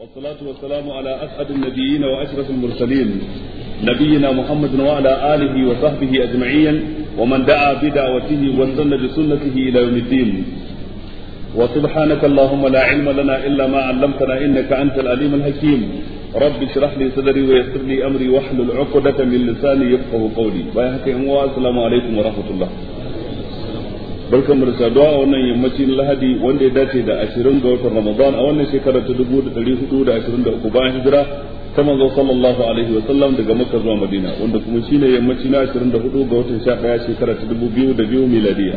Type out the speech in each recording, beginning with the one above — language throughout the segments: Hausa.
والصلاة والسلام على أسعد النبيين وأشرف المرسلين نبينا محمد وعلى آله وصحبه أجمعين ومن دعا بدعوته وسن بسنته إلى يوم الدين وسبحانك اللهم لا علم لنا إلا ما علمتنا إنك أنت العليم الحكيم رب اشرح لي صدري ويسر لي أمري واحلل عقدة من لساني يفقه قولي السلام عليكم ورحمة الله barkan mu da saduwa a wannan yammacin lahadi wanda ya dace da ashirin ga watan ramadan a wannan shekara ta uku bayan hijira ta manzo sallallahu alaihi wa sallam daga makka zuwa madina wanda kuma shine yammaci na hudu ga watan 11 shekara ta biyu miladiya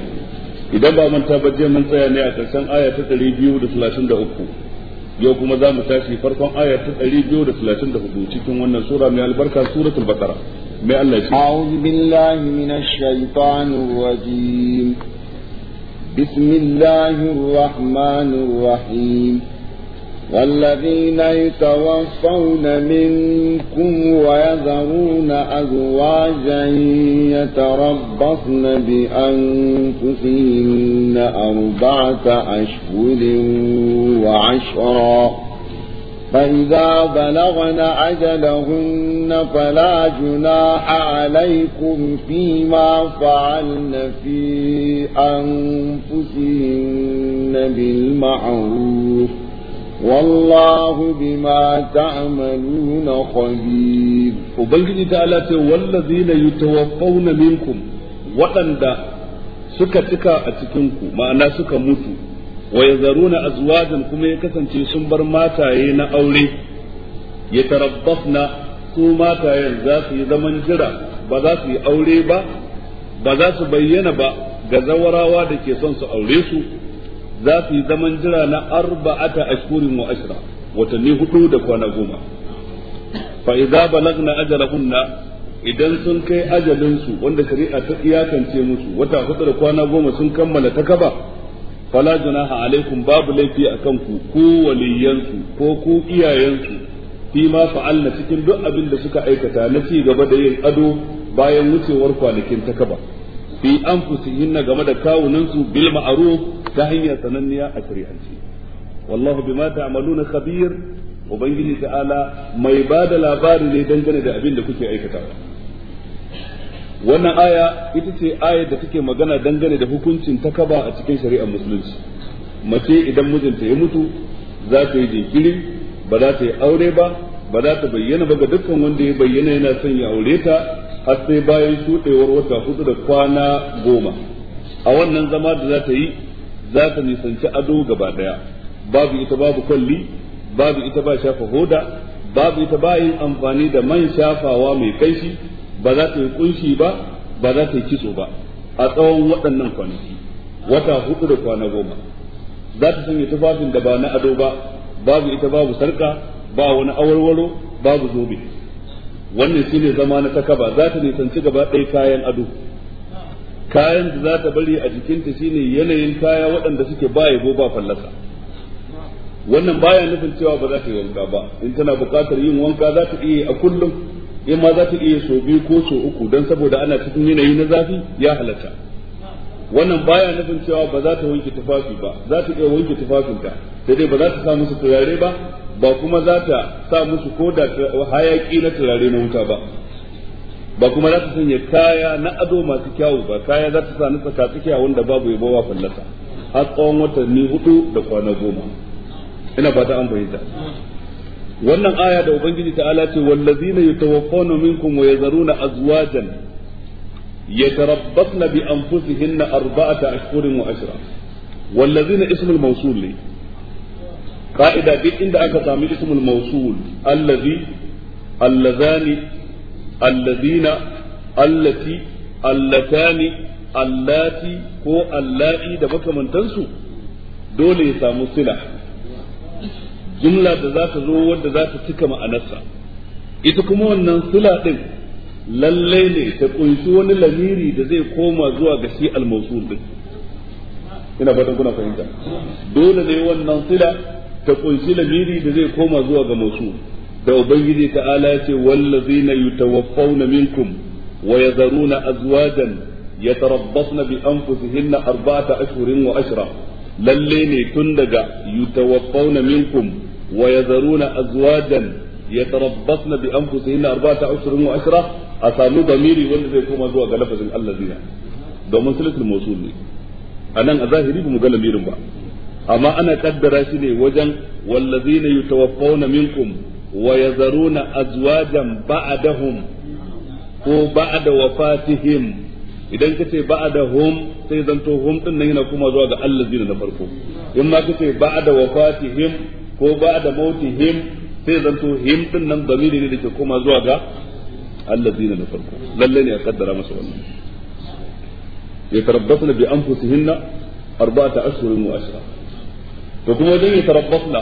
idan ba manta ba je mun tsaya ne a karshen aya ta biyu da da talatin uku yau kuma za mu tashi farkon aya ta biyu da da talatin hudu cikin wannan sura mai albarka suratul baqara mai Allah ya ce a'udhu billahi minash shaitanir rajim بسم الله الرحمن الرحيم والذين يتوفون منكم ويذرون أزواجا يتربصن بأنفسهن أربعة أشهر وعشرا فإذا بلغن أجلهن فلا جناح عليكم فيما فعلن في أنفسهن بالمعروف والله بما تعملون خبير وبلغني تعالى والذين يتوفون منكم وأن سكتك أتكنكم ما أنا سكمتوا wa zaruna azwajan kuma ya kasance sun bar mataye na aure ya tarabbasna su matayen za su yi zaman jira ba za su yi aure ba ba za su bayyana ba ga zawarawa da ke son su aure su za su yi zaman jira na arba'ata shirin wa ashra watanni hudu da kwana goma fa idza balagna ajalahunna idan sun kai ajalinsu wanda shari'a ta iyakance musu wata hudu da kwana goma sun kammala ta kaba fala junaha alaikum babu laifi akan ku ko waliyansu ko ku iyayensu fi ma fa'alna cikin duk abin da suka aikata na ci gaba da yin ado bayan wucewar kwanakin ta kaba fi na game da kawunansu bil ma'ruf ta hanyar sananniya a shari'ance wallahu bima ta'maluna khabir ubangiji ta'ala mai bada labari ne dangane da abin da kuke aikatawa wannan aya ita ce ayar da take magana dangane da hukuncin takaba a cikin shari'ar musulunci mace idan mijinta ya mutu za ta yi jinkiri ba za ta yi aure ba ba za ta bayyana ba ga dukkan wanda ya bayyana yana son ya aure ta har sai bayan shuɗewar wata hudu da kwana goma a wannan zama da za ta yi za ta nisanci ado gaba daya babu ita babu kwalli babu ita ba shafa hoda babu ita ba yin amfani da man shafawa mai kaishi ba za ta yi kunshi ba ba za ta yi kitso ba a tsawon waɗannan kwanaki wata hudu da kwana goma za ta sanya tufafin da ba na ado ba babu ita babu sarka ba wani awarwaro babu zobe wannan shi ne zama na takaba za ta nisanci gaba ɗaya kayan ado kayan da za ta bari a jikinta shine yanayin kaya waɗanda suke ba yabo ba fallasa wannan baya nufin cewa ba za ta yi wanka ba in tana buƙatar yin wanka za ta iya a kullum in ma za ta iya so biyu ko so uku don saboda ana cikin yanayi na zafi ya halatta wannan baya nufin cewa ba za ta wanke tufafi ba za ta iya wanke tufafinta sai dai ba za ta sa musu turare ba ba kuma za ta sa musu ko da hayaki na turare na wuta ba ba kuma za ta sanya kaya na ado masu kyawu ba kaya za ta sa na tsaka tsakiya wanda babu ya bawa fallasa har tsawon watanni hudu da kwana goma ina fata an fahimta wannan aya da ubangiji ta'ala ce wallazina yatawaffawna minkum wa yazaruna azwajan yatarabbasna bi anfusihinna arba'ata ashhurin wa ashra wallazina ismul mawsul ne qa'ida duk inda aka sami ismul mawsul allazi allazani allazina allati allatani allati ko allati da makamantansu dole ya samu sila jumla da za ta zo wadda za ta cika ma'anarsa ita kuma wannan sula din lalle ne ta ƙunshi wani lamiri da zai koma zuwa ga shi al-mawsul din ina fatan kuna fahimta dole ne wannan sila ta ƙunshi lamiri da zai koma zuwa ga mawsul da ubangiji ta'ala ya ce wallazina yutawaffawna minkum wa yazaruna azwajan yatarabbasna bi anfusihinna arba'ata ashhurin wa ashra lalle ne tun daga yutawaffawna minkum ويذرون أزواجا يتربصن بأنفسهن أربعة أشهر وعشرة أسامو ضميري والذي يكون زوا غلفة الذين domin silatul mawsul ne anan a zahiri ba mu ga lamirin ba amma ana kaddara shi ne wajen wallazina yutawaffawna minkum wa yazaruna azwajan ba'dahum ko ba'da wafatihim idan sai zanto hum din nan yana kuma zuwa ga zina na farko in ma kace da wafatihim ko ba da him sai zanto him din nan zamiri ne da ke koma zuwa ga allazina na farko lalle ne a kaddara masa wannan ya tarabbasna bi anfusihinna arba'ata ashhurin wa ashra to kuma wajen ya tarabbasna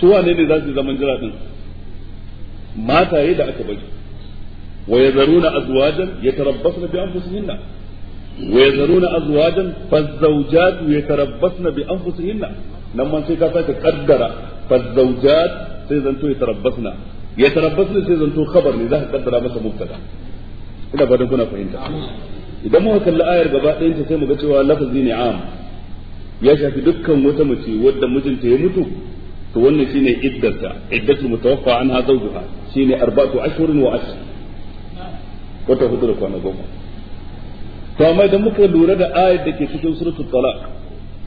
su wane ne za su zaman jira din mataye da aka bari wa yazaruna azwajan yatarabbasna bi anfusihinna ويذرون أزواجا فالزوجات يتربصن بأنفسهن nan man sai ka sake kaddara sai zanto ya tarabbasna ya tarabbasna sai zanto khabar ne za ka kaddara masa mubtada ina fatan kuna fahimta idan muka kalli ayar gaba ɗayanta sai mu ga cewa lafazi ne ya shafi dukkan wata mace wadda mijinta ya mutu to wannan shine iddarta iddatul mutawaffa anha zawjuha shine arba'atu ashhurin wa ashr wata da kwana goma to amma idan muka lura da ayar da ke cikin suratul talaq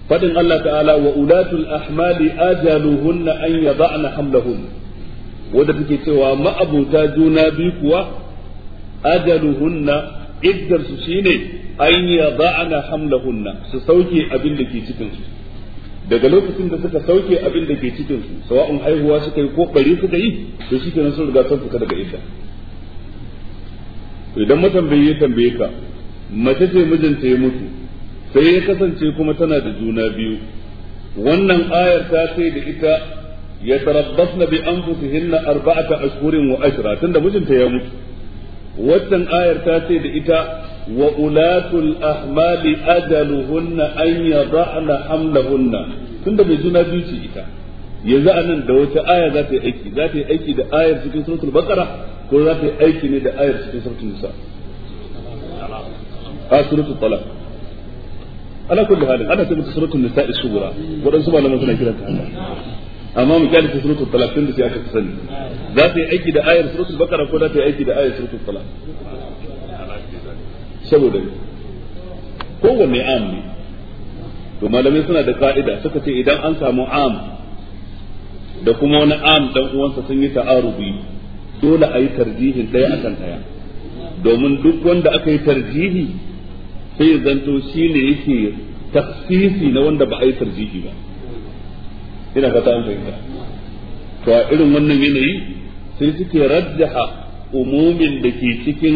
fadin Allah ta'ala wa ulatul ahmali ajaluhunna an yada'na hamlahun wanda take cewa ma'abuta juna biyu kuwa ajaluhunna iddar su shine an yada'na hamlahunna su sauke abin da ke cikin daga lokacin da suka sauke abin da ke cikinsu, su sawa'un haihuwa suka yi ko bari suka yi to shikenan sun riga sun fita daga idda to idan matambaye tambaye ka mace ce mijinta ya mutu sai ya kasance kuma tana da juna biyu wannan ayar ta ce da ita ya tarabbasna bi anfusihinna arba'ata ashhurin wa ashra tunda mijinta ya mutu wannan ayar ta ce da ita wa ulatul ahmali ajaluhunna an yada'na hamlahunna tunda mai juna biyu ce ita yanzu a nan da wata aya za ta yi aiki za ta yi aiki da ayar cikin suratul baqara ko za ta yi aiki ne da ayar cikin suratul nisa a suratul talaq ala kulli halin ana sai suratul nisa'i sugura wadansu malaman suna kiranta Allah. amma mu kyale ta suratul talaq tun da sai aka sani za ta yi aiki da ayar suratul bakara ko za ta yi aiki da ayar suratul talaq saboda kowanne am ne to malamai suna da ka'ida suka ce idan an samu am da kuma wani am dan uwansa sun yi ta'arubi dole a yi tarjihin ɗaya akan ɗaya domin duk wanda aka yi tarjihi sai ya zanto shi ne yake taksisi na wanda ba a yi tarjihi ba ina fata an fahimta to a irin wannan yanayi sai suke rajjaha umumin da ke cikin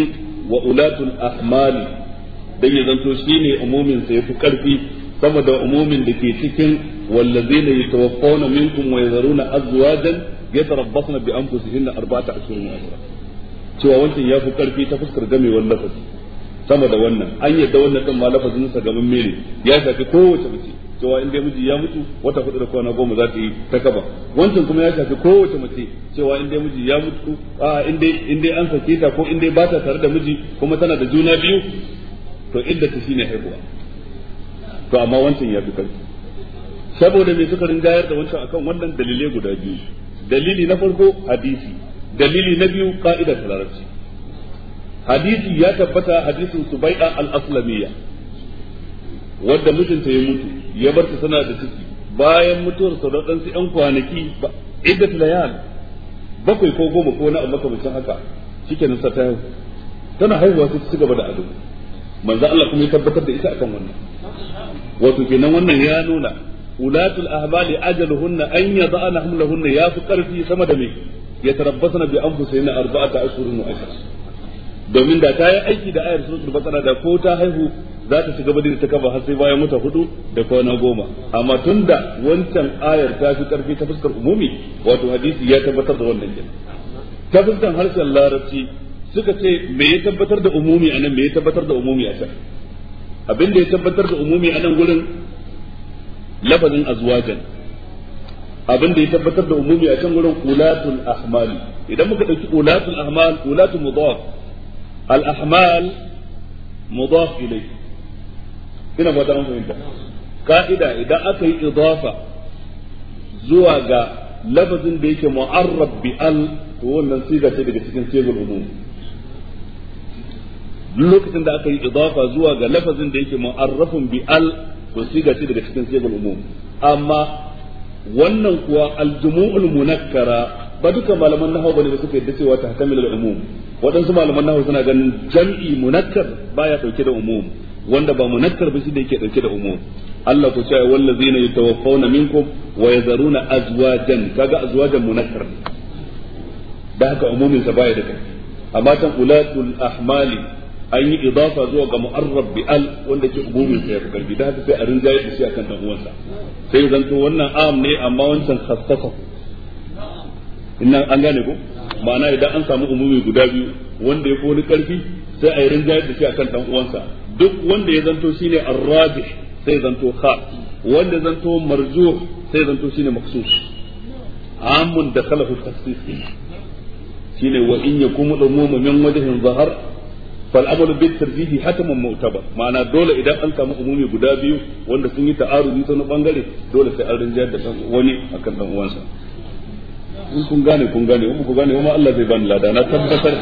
wa ulatul ahmali dan ya zanto shi ne umumin sa yafi karfi sama da umumin da ke cikin wallazina yatawaffawna minkum wa yazaruna azwajan yatarabbasna bi anfusihinna arba'ata ashhur wa ashra cewa wancan yafi karfi ta fuskar gamewar lafazi sama da wannan an yadda wannan din ma lafazin sa gaban mere ya shafi kowace mace cewa in dai miji ya mutu wata hudu da kwana goma za ta yi ta kaba wancan kuma ya shafi kowace mace cewa in dai miji ya mutu a in dai in dai an sake ta ko in dai ba ta tare da miji kuma tana da juna biyu to inda ta shine haihuwa to amma wancan ya fi kai saboda me suka rinjayar da wancan akan wannan dalilai guda biyu dalili na farko hadisi dalili na biyu ka'idar larabci hadisi ya tabbata hadisin subai'a al-aslamiyya wadda mijinta ya mutu ya bar ta sana da ciki bayan mutuwar sa da ɗansu kwanaki kwanaki iddat layal bakwai ko goma ko na abu makamancin haka shikenan sa ta tana haihuwa sai ta ci gaba da ado manzo Allah kuma ya tabbatar da ita akan wannan wato kenan wannan ya nuna ulatul ahbali ajaluhunna an yada'na hamlahunna ya fi karfi sama da me tarabbasna bi anfusihinna arba'ata ashhurin wa ashara domin da ta yi aiki da ayar suratul bakara da ko ta haihu za ta shiga badin ta kafa har sai bayan wata hudu da kwana goma amma tun da wancan ayar ta fi karfi ta fuskar umumi wato hadisi ya tabbatar da wannan kin ta fuskar harshen larabci suka ce me ya tabbatar da umumi anan me ya tabbatar da umumi a can abin da ya tabbatar da umumi a nan gurin lafazin azwajan abin da ya tabbatar da umumi a can gurin ulatul ahmali idan muka dauki ulatul ahmal ulatul mudawaf al-ahmal mudaf ilayhi ina fata mun fahimta ka'ida idan aka yi idafa zuwa ga lafazin da yake mu'arrab bi al to wannan siga ce daga cikin sigul umum lokacin da aka yi idafa zuwa ga lafazin da yake mu'arrafun bi al to daga cikin amma wannan kuwa al munakkara ba dukkan malaman nahawu bane ba suka yadda cewa ta hakamil umum wadansu malaman nahawu suna ganin jam'i munakkar baya dauke da umum wanda ba munakkar ba shi da yake dauke da umum Allah ku cewa wallazina yatawaffawna minkum wa yazaruna azwajan kaga azwajan munakkar da haka umumin sa baya da kai amma tan ulatul ahmali an yi idafa zuwa ga mu'arrab bi al wanda ke umumin sa ya karbi da haka sai a rinjaye shi akan dan uwansa sai zanto wannan am ne amma wancan khassasa inna an gane ko ma'ana idan an samu umumi guda biyu wanda ya koni karfi sai a yi rinjayar da shi akan dan uwansa duk wanda ya zanto shine arrabih sai zanto kha wanda zanto marjuh sai zanto shine maksus amun da khalahu takhsis shine wa in yakum umumu min wajhin zahar fal amalu bit tarjihi hataman mu'tabar ma'ana dole idan an samu umumi guda biyu wanda sun yi ta'arudi ta na bangare dole sai an rinjayar da wani akan dan uwansa in kun gane kun gane in ku gane kuma Allah zai bani lada na tabbatar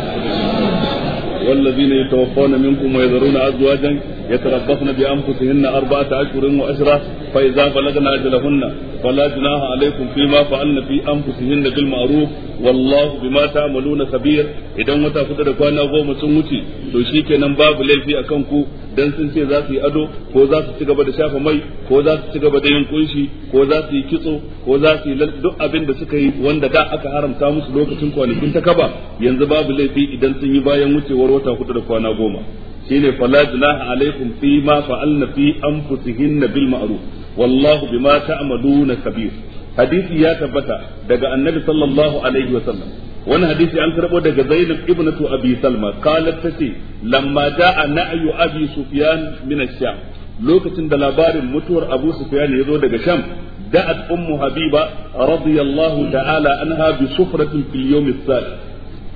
والذين يتوفون منكم ويذرون أزواجا يتربصن بأنفسهن أربعة أشهر وأشرة فإذا بلغن أجلهن فلا جناح عليكم فيما فعلن في أنفسهن بالمعروف والله بما تعملون خبير إذا متى فتر كوانا غوما سموتي to shikenan babu laifi a ku dan sun ce za su yi ado ko za su ci gaba da shafa mai ko za su ci gaba da yin kunshi ko za su yi kitso ko za su yi duk abin da suka yi wanda da aka haramta musu lokacin kwanakin ta kaba yanzu babu laifi idan sun yi bayan wucewar wata hudu da kwana goma shine fala junaha alaikum fi ma fa'alna fi anfusihinna bil ma'ruf wallahu bima ta'maluna kabir hadisi ya tabbata daga annabi sallallahu alaihi wa sallam wani hadisi an karɓo daga Zainab ibnatu Abi Salma qalat tace lamma da'a na'yu Abi Sufyan min ash-Sham lokacin da labarin mutuwar Abu Sufyan ya zo daga Sham da'at ummu Habiba radiyallahu ta'ala anha bi sufratin fil yawm as-sal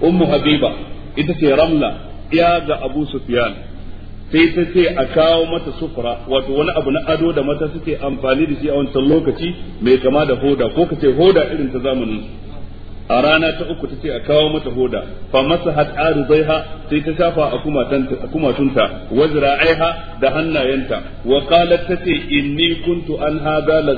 ummu Habiba ita ce Ramla ya ga Abu Sufyan sai ta ce a kawo mata sufura wato wani abu na ado da mata suke amfani da shi a wancan lokaci mai kama da hoda ko ka ce hoda irin ta zamanin a rana ta uku ta ce a kawo mata hoda fa masa had'aru zaiha sai ta shafa a kumatunta wa aiha da hannayenta wa qalat ta ce inni kuntu an hadha la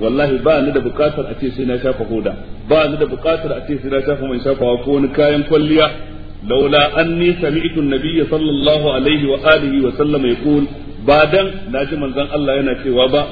wallahi ba ni da bukatar a ce sai na shafa hoda ba ni da bukatar a ce sai na shafa mai shafawa ko wani kayan kwalliya laula anni sami'tu an-nabiy sallallahu alaihi wa alihi wa sallam yaqul ba dan naji manzon Allah yana cewa ba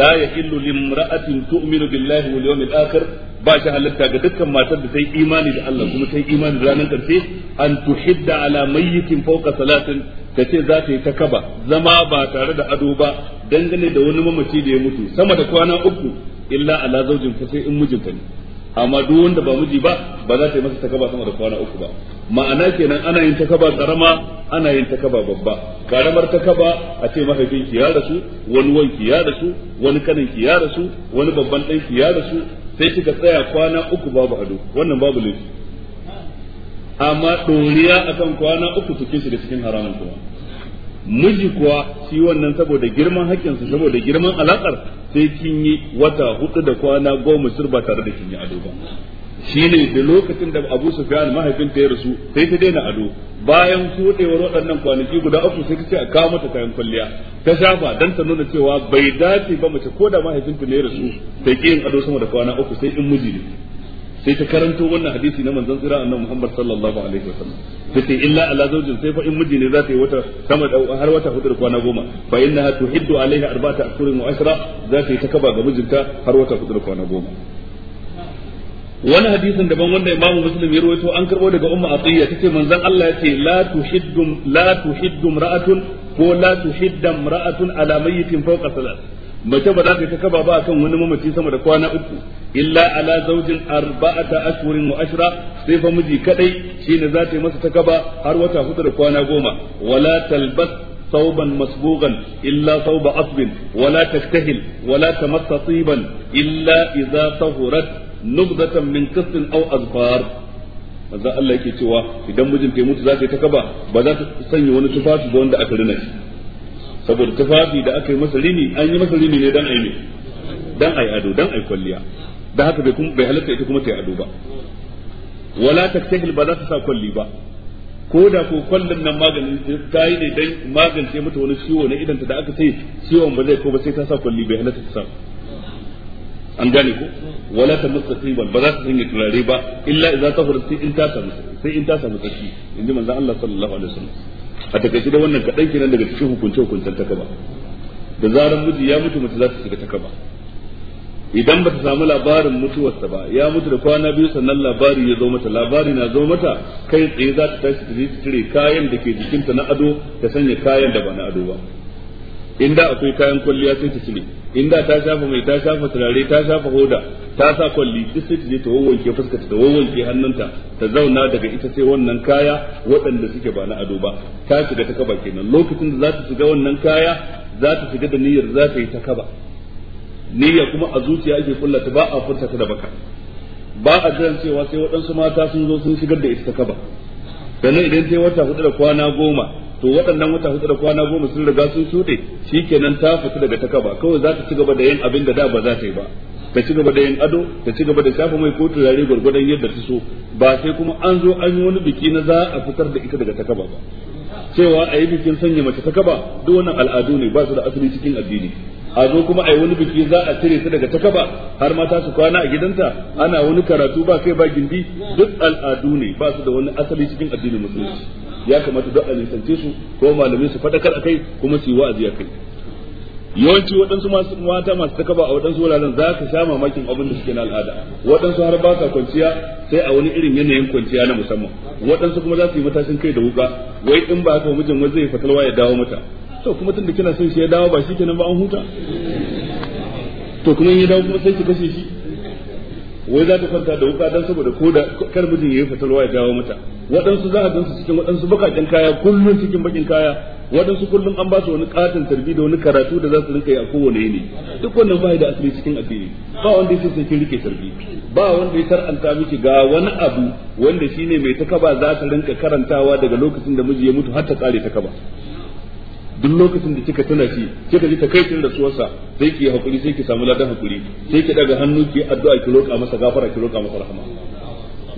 la yahillu limra'atin tu'minu billahi wal yawmil akhir ba shi halatta ga dukkan matar da ta yi imani da Allah kuma ta yi imani da ranar karshe an tuhidda ala mayyitin fawqa salatin ta ce za ta yi ta kaba zama ba tare da ado ba dangane da wani mamaci da ya mutu sama da kwana uku illa ala zaujin fa sai in mijinta ne amma duk wanda ba miji ba ba za ta yi masa takaba sama da kwana uku ba ma'ana kenan ana yin takaba karama ana yin takaba babba karamar takaba a ce ki ya rasu wani wanki ya rasu wani ki ya rasu wani babban ki ya rasu sai kika tsaya kwana uku babu ado wannan babu laifi amma doriya akan kwana uku tukin shi da cikin haramun kuma miji kuwa shi wannan saboda girman su saboda girman alakar sai kin yi wata hudu da kwana goma sur ba tare da kin yi ado ba shi ne da lokacin da Abu Sufyan mahaifin ta ya rasu sai ta daina ado bayan kodewar waɗannan kwanaki guda uku sai ta ce a kawo mata kayan kwalliya ta shafa dan ta nuna cewa bai dace ba mace ko da mahaifinta ne ya rasu ta ƙi yin ado sama da kwana uku sai in miji ne sai ta karanto wannan hadisi na manzon tsira annabi Muhammad sallallahu alaihi wasallam illa ala zawjin sai fa in miji ne za ta yi wata sama har wata hudu kwana goma fa innaha tuhiddu alaiha arba'ata ashhurin wa ashra za ta yi ta kaba ga mijinta har wata hudu kwana goma wani hadisin daban wanda Imam Muslim ya rawaito an karbo daga Ummu Atiyya tace manzon Allah yace la tuhiddum la tuhiddum ra'atun ko la tuhiddam ra'atun ala mayyitin fawqa salat mace ba za ta yi ta kaba ba kan wani mamaci sama da kwana uku illa ala zaujin arba'ata ashhurin wa ashra sai fa miji kadai shine za ta yi masa ta kaba har wata hudu da kwana goma wala talbas ثوبا مصبوغا إلا ثوب عصب wala تكتهل ولا تمس طيبا illa إذا طهرت نبذة min قسط أو أظفار manzo Allah yake cewa idan mijinta ya mutu za ta yi ta kaba ba za ta sanya wani tufafi ba wanda aka rina saboda tufafi da aka yi masa rini an yi masa rini ne dan ai ne dan ai ado dan ai kwalliya da haka bai kuma bai halatta ita kuma ta yi ado ba wala taktahil ba za ta sa kwalli ba ko da ko kwallon nan maganin ta yi ne dan magance mata wani ciwo na idanta da aka ce ciwon ba zai ko ba sai ta sa kwalli bai halatta ta sa an gane ko wala ta musu tsiban ba za ta sanya turare ba illa idza tahura sai in ta samu sai in ta samu tsaki inji manzon Allah sallallahu alaihi wasallam a takaice da wannan kaɗan kenan daga cikin hukunce hukuncen takaba da zarar miji ya mutu mace za ta shiga takaba idan ba ta samu labarin mutuwarsa ba ya mutu da kwana biyu sannan labari ya zo mata labari na zo mata kai tsaye za ta tashi ta je ta cire kayan da ke jikinta na ado ta sanya kayan da ba na ado ba in da akwai kayan kwalliya sai ta cire inda ta shafa mai ta shafa turare ta shafa hoda ta sa kwalli duk sai je ta wawwanke fuskarta ta wawwanke hannunta ta zauna daga ita sai wannan kaya waɗanda suke ba na ado ba ta shiga ta kaba kenan lokacin da za ta shiga wannan kaya za ta shiga da niyyar za ta yi ta kaba niyya kuma a zuciya ake kulla ta ba a furta ta da baka ba a jiran cewa sai waɗansu mata sun zo sun shigar da ita ta kaba sannan idan sai wata hudu da kwana goma to waɗannan wata hudu da kwana goma sun riga sun shuɗe shikenan ta fita daga takaba kawai za ta ci gaba da yin abin da da ba za ta yi ba ta ci gaba da yin ado ta ci gaba da shafa mai ko turare gwargwadon yadda ta so ba sai kuma an zo an yi wani biki na za a fitar da ita daga takaba ba cewa a yi bikin sanya mace takaba duk wannan al'adu ne ba su da asali cikin addini a zo kuma a yi wani biki za a cire ta daga takaba har mata su kwana a gidanta ana wani karatu ba kai ba gindi duk al'adu ne ba su da wani asali cikin addinin musulunci ya kamata duk a nisance su ko malami su fadakar akai kuma su yi wa'azi akai yawanci waɗansu masu mata masu takaba a waɗansu wuraren za ka sha mamakin abin da suke na al'ada waɗansu har ba sa kwanciya sai a wani irin yanayin kwanciya na musamman waɗansu kuma za su yi matashin kai da wuka wai in ba haka mijin wani zai fatalwa ya dawo mata to kuma tunda kina son shi ya dawo ba shi kenan ba an huta to kuma in ya dawo kuma sai ki kashe shi wai za ta kwanta da wuka don saboda ko da kar ya yi fatalwa ya dawo mata waɗansu za a gansu cikin waɗansu bakakin kaya kullun cikin bakin kaya waɗansu kullun an ba su wani katin tarbi da wani karatu da za su rinka yi a kowane yini duk wannan ba da asiri cikin addini ba wanda ya sai kin rike tarbi ba wanda ya taranta miki ga wani abu wanda shine mai takaba za ta rinka karantawa daga lokacin da miji ya mutu har ta kare takaba duk lokacin da kika tuna shi kika ji takaicin rasuwarsa sai ki hakuri sai ki samu ladan hakuri sai ki daga hannu ki addu'a ki roƙa masa gafara ki roƙa masa rahama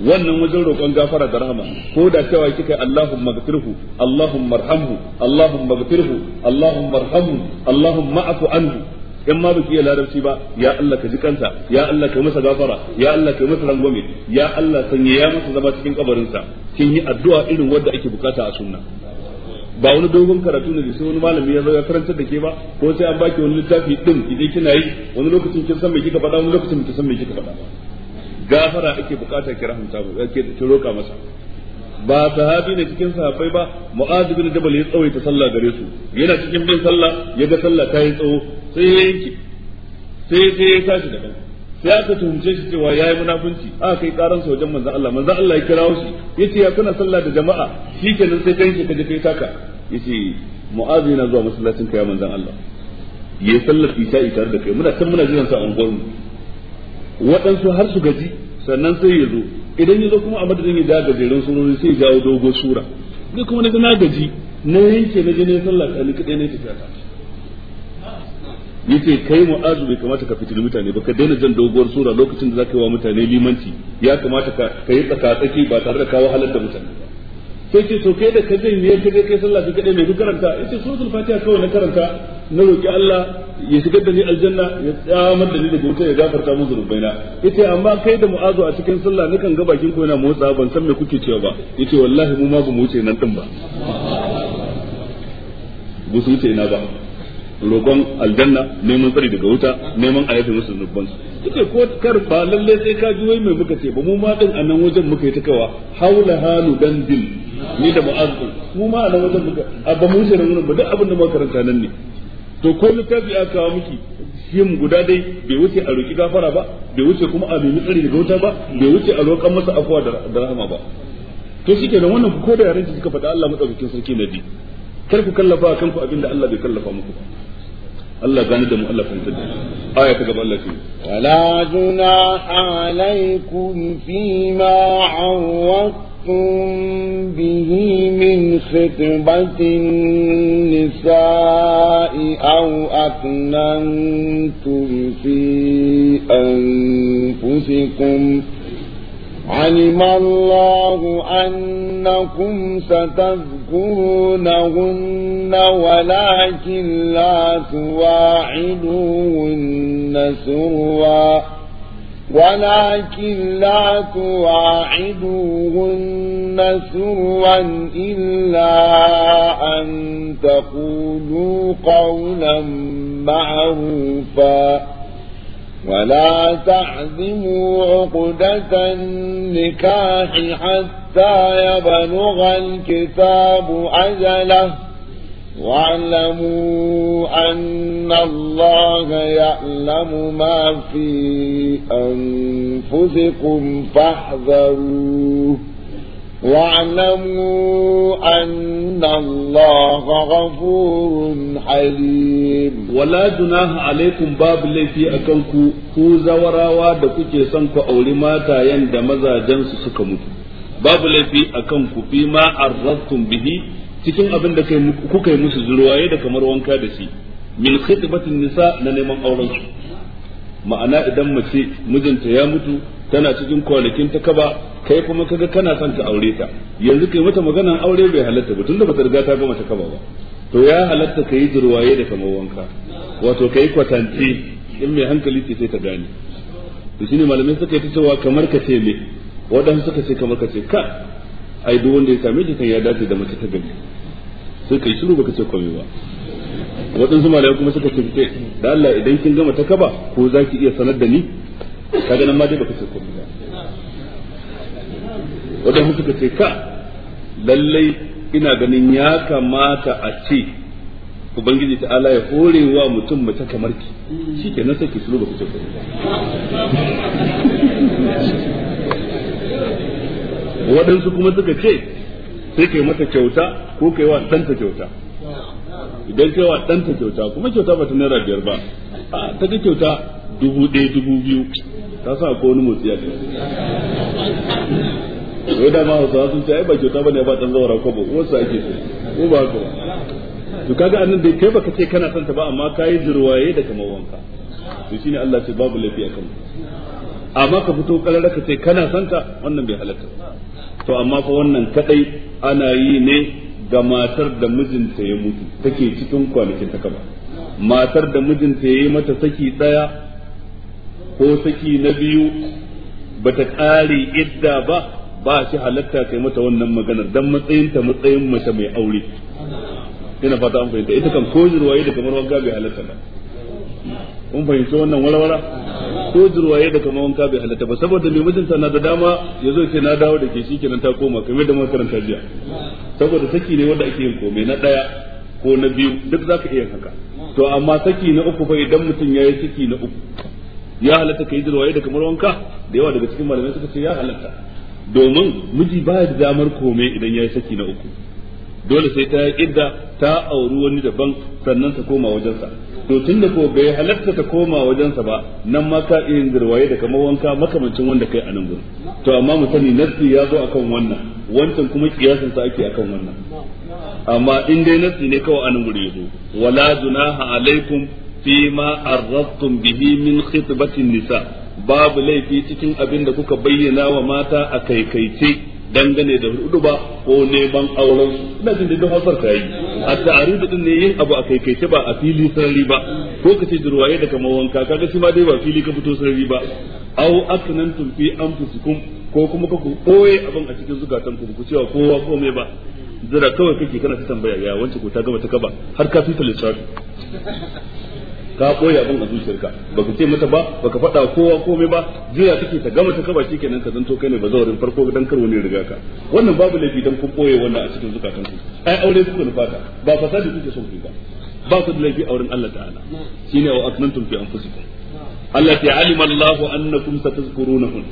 wannan wajen roƙon gafara da rahama ko da cewa kika Allahumma ghfirhu Allahumma arhamhu Allahumma ghfirhu Allahumma arhamhu Allahumma afu anhu in ma baki iya larabci ba ya Allah ka ji kansa ya Allah ka masa gafara ya Allah ka masa rangwame ya Allah sanya ya masa zama cikin kabarinsa kin yi addu'a irin wadda ake bukata a sunna ba wani dogon karatu ne sai wani malami ya zo ya karantar da ke ba ko sai an baki wani littafi din idan kina yi wani lokacin kin san me kika faɗa wani lokacin kin san me kika faɗa gafara ake bukata ki rahamta mu ake ki roka masa ba sahabi ne cikin sahabbai ba mu'az bin jabal ya tsawaita sallah gare su yana cikin bin sallah ya ga sallah ta yi tsawo sai ya yanke sai sai ya tashi daban sai aka tuhumce shi cewa yayi munafunci aka kai karan sa wajen manzon Allah manzon Allah ya kirawo shi yace ya kana sallah da jama'a shikenan sai kanki ka je kai taka yace mu'azi na zuwa masallacin kai manzon Allah Ya sallar isha'i tare da kai muna san muna jiran sa a unguwar mu waɗansu har su gaji sannan sai ya zo idan ya zo kuma a madadin ya dawo jerin sunoni sai ya jawo dogon sura ni kuma na na gaji na yanke na je ne sallah ni kadai ne ta ta yace kai mu'azu bai kamata ka fitini mutane ba ka daina jan doguwar sura lokacin da zaka yi wa mutane limanci ya kamata ka kai tsaka tsaki ba tare da ka wahalar da mutane ba sai ce to kai da ka zai ne kaje kai sallah ka kadai mai duk karanta Ita suratul fatiha kawai na karanta na roƙi Allah ya shigar da ni aljanna ya tsamar da ni daga wuta ya gafarta mun zunubaina Ita amma kai da mu'azu a cikin sallah nikan ga bakin ko yana motsa ban san me kuke cewa ba yace wallahi mu ma ba mu wuce nan din ba ba su wuce ina ba roƙon aljanna neman tsari daga wuta neman a yafe musu zubban su kike ko kar ba lalle sai ka ji wai mai muka ce ba mu ma din nan wajen muka yi ta kawa haula halu dan dil ni da mu'az din mu ma nan wajen buga abba mu da nan ba duk abin da muka karanta nan ne to ko littafi aka kawo miki mu guda dai bai wuce a roki gafara ba bai wuce kuma a nemi tsari daga wuta ba bai wuce a roƙan masa afuwa da rahama ba to shi kenan wannan ko da yaran suka faɗa Allah madaukakin sarki na di kar ku kallafa kanku abinda Allah bai kallafa muku ba Allah gani da mu Allah fahimtar da aya ta gaba Allah ce wala juna alaikum fima awwat به من خطبة النساء أو أكننتم في أنفسكم علم الله أنكم ستذكرونهن ولكن لا تواعدوهن سرًا ولكن لا تواعدوهن سرا إلا أن تقولوا قولا معروفا ولا تعزموا عقدة النكاح حتى يبلغ الكتاب أجله واعلموا أن الله يعلم ما في أنفسكم فاحذروه واعلموا أن الله غفور حليم ولا جناح عليكم باب في أكنكو كو زوراوا دكوكي سنكو أولي ما أولماتا دمزا جنس سكمت باب في أكنكو فيما أرضتم به cikin abin da kuka yi musu zurwaye da kamar wanka da shi min khitbatin nisa na neman auren su ma'ana idan mace mijinta ya mutu tana cikin kwanakin ta kaba kai kuma kaga kana son ka aure ta yanzu kai mata maganan aure bai halatta ba tunda bata riga ta gama ta kaba ba to ya halatta kai zurwaye da kamar wanka wato kai kwatanci in mai hankali ce sai ta gane to shine malamai suka yi ta cewa kamar ka ce me waɗansu suka ce kamar ka ce ka ai duk wanda ya same ta ya dace da mace ta gani sai kai shiru baka ce komai ba waɗansu malamai kuma suka ce kai eh, da Allah idan kin gama ta kaba ko za ki iya sanar da ni kaga nan ma dai baka ce komai ba waɗansu suka ce ka lallai ina ganin ya kamata a ce ubangiji ta ala ya hore wa mutum mace kamar ki shi ke nan sai ki shiru baka ce komai ba waɗansu kuma suka ce sai kai mata kyauta ko kai wa danta kyauta idan kai wa danta kyauta kuma kyauta ba ta naira biyar ba a ta ga kyauta dubu ɗaya dubu biyu ta sa ko wani motsi a kai ko da ma hausawa sun ce ai ba kyauta ba ne ba dan zawara kwabo wasu ake so ko ba ko ba to kaga annan dai kai baka ce kana son ta ba amma kai jirwaye da kamar wanka to shine Allah ce babu lafiya kan amma ka fito kalar ka ce kana son ta wannan bai halatta to amma fa wannan kadai ana yi ne ga matar da mijinta ya mutu take cikin kwanakin ta kaba matar da mijinta ya yi mata saki daya ko saki na biyu bata kare idda ba ba shi halatta kai mata wannan maganar dan ta matsayin mace mai aure ina fata an fahimta ita kan ko jirwaye da kamar wanga bai halatta ba kun fahimci wannan walwala ko jirwaye da kamar wanka bai halatta ba saboda mai mijinta na da dama ya zo ce na dawo da ke shikenan ta koma kamar da makaranta jiya saboda saki ne wanda ake yin komai na daya ko na biyu duk zaka iya haka to amma saki na uku fa idan mutum ya yi saki na uku ya halatta kai jirwaye da kamar wanka da yawa daga cikin malamai suka ce ya halatta domin miji baya da damar komai idan ya yi saki na uku dole sai ta yi idda ta auri wani daban sannan ta koma wajensa to tun da ko bai halatta ta koma wajensa ba nan ma ka iya girwaye da kamar wanka makamancin wanda kai a nan gurin to amma mu sani nasi ya zo akan wannan wancan kuma kiyasin sa ake akan wannan amma in dai nassi ne kawai a nan gurin yazo wala junaha alaikum fi ma arrabtum bihi min khitbatin nisa babu laifi cikin abin da kuka bayyana wa mata a kaikaice dangane da hudu ba ko neman auren ina jin daidai hausar ta yi a ta'aridu din ne yin abu a kaikaice ba a fili sarari ba ko ce jirwaye da kama wanka kaga shi ma dai ba fili ka fito sarari ba au aknantum fi anfusikum ko kuma ka ku koye abin a cikin zukatan ku ku cewa kowa me ba zira kawai kake kana ta tambaya ya wancan ko ta gama ta kaba har ka fita lissafi ka koyi abin a zuciyarka baka ce mata ba baka faɗa kowa komai ba jiya take ta gama ta kaba shikenan ka zanto kai ne bazawarin farko dan karwo ne riga ka wannan babu laifi dan ku koye wannan a cikin zukatan ku ai aure kuka nufata ba fasadi kuke son ku ba ba ku da laifi a wurin Allah ta'ala shine wa aknantum fi anfusikum Allah ta alima Allahu annakum satazkurunahun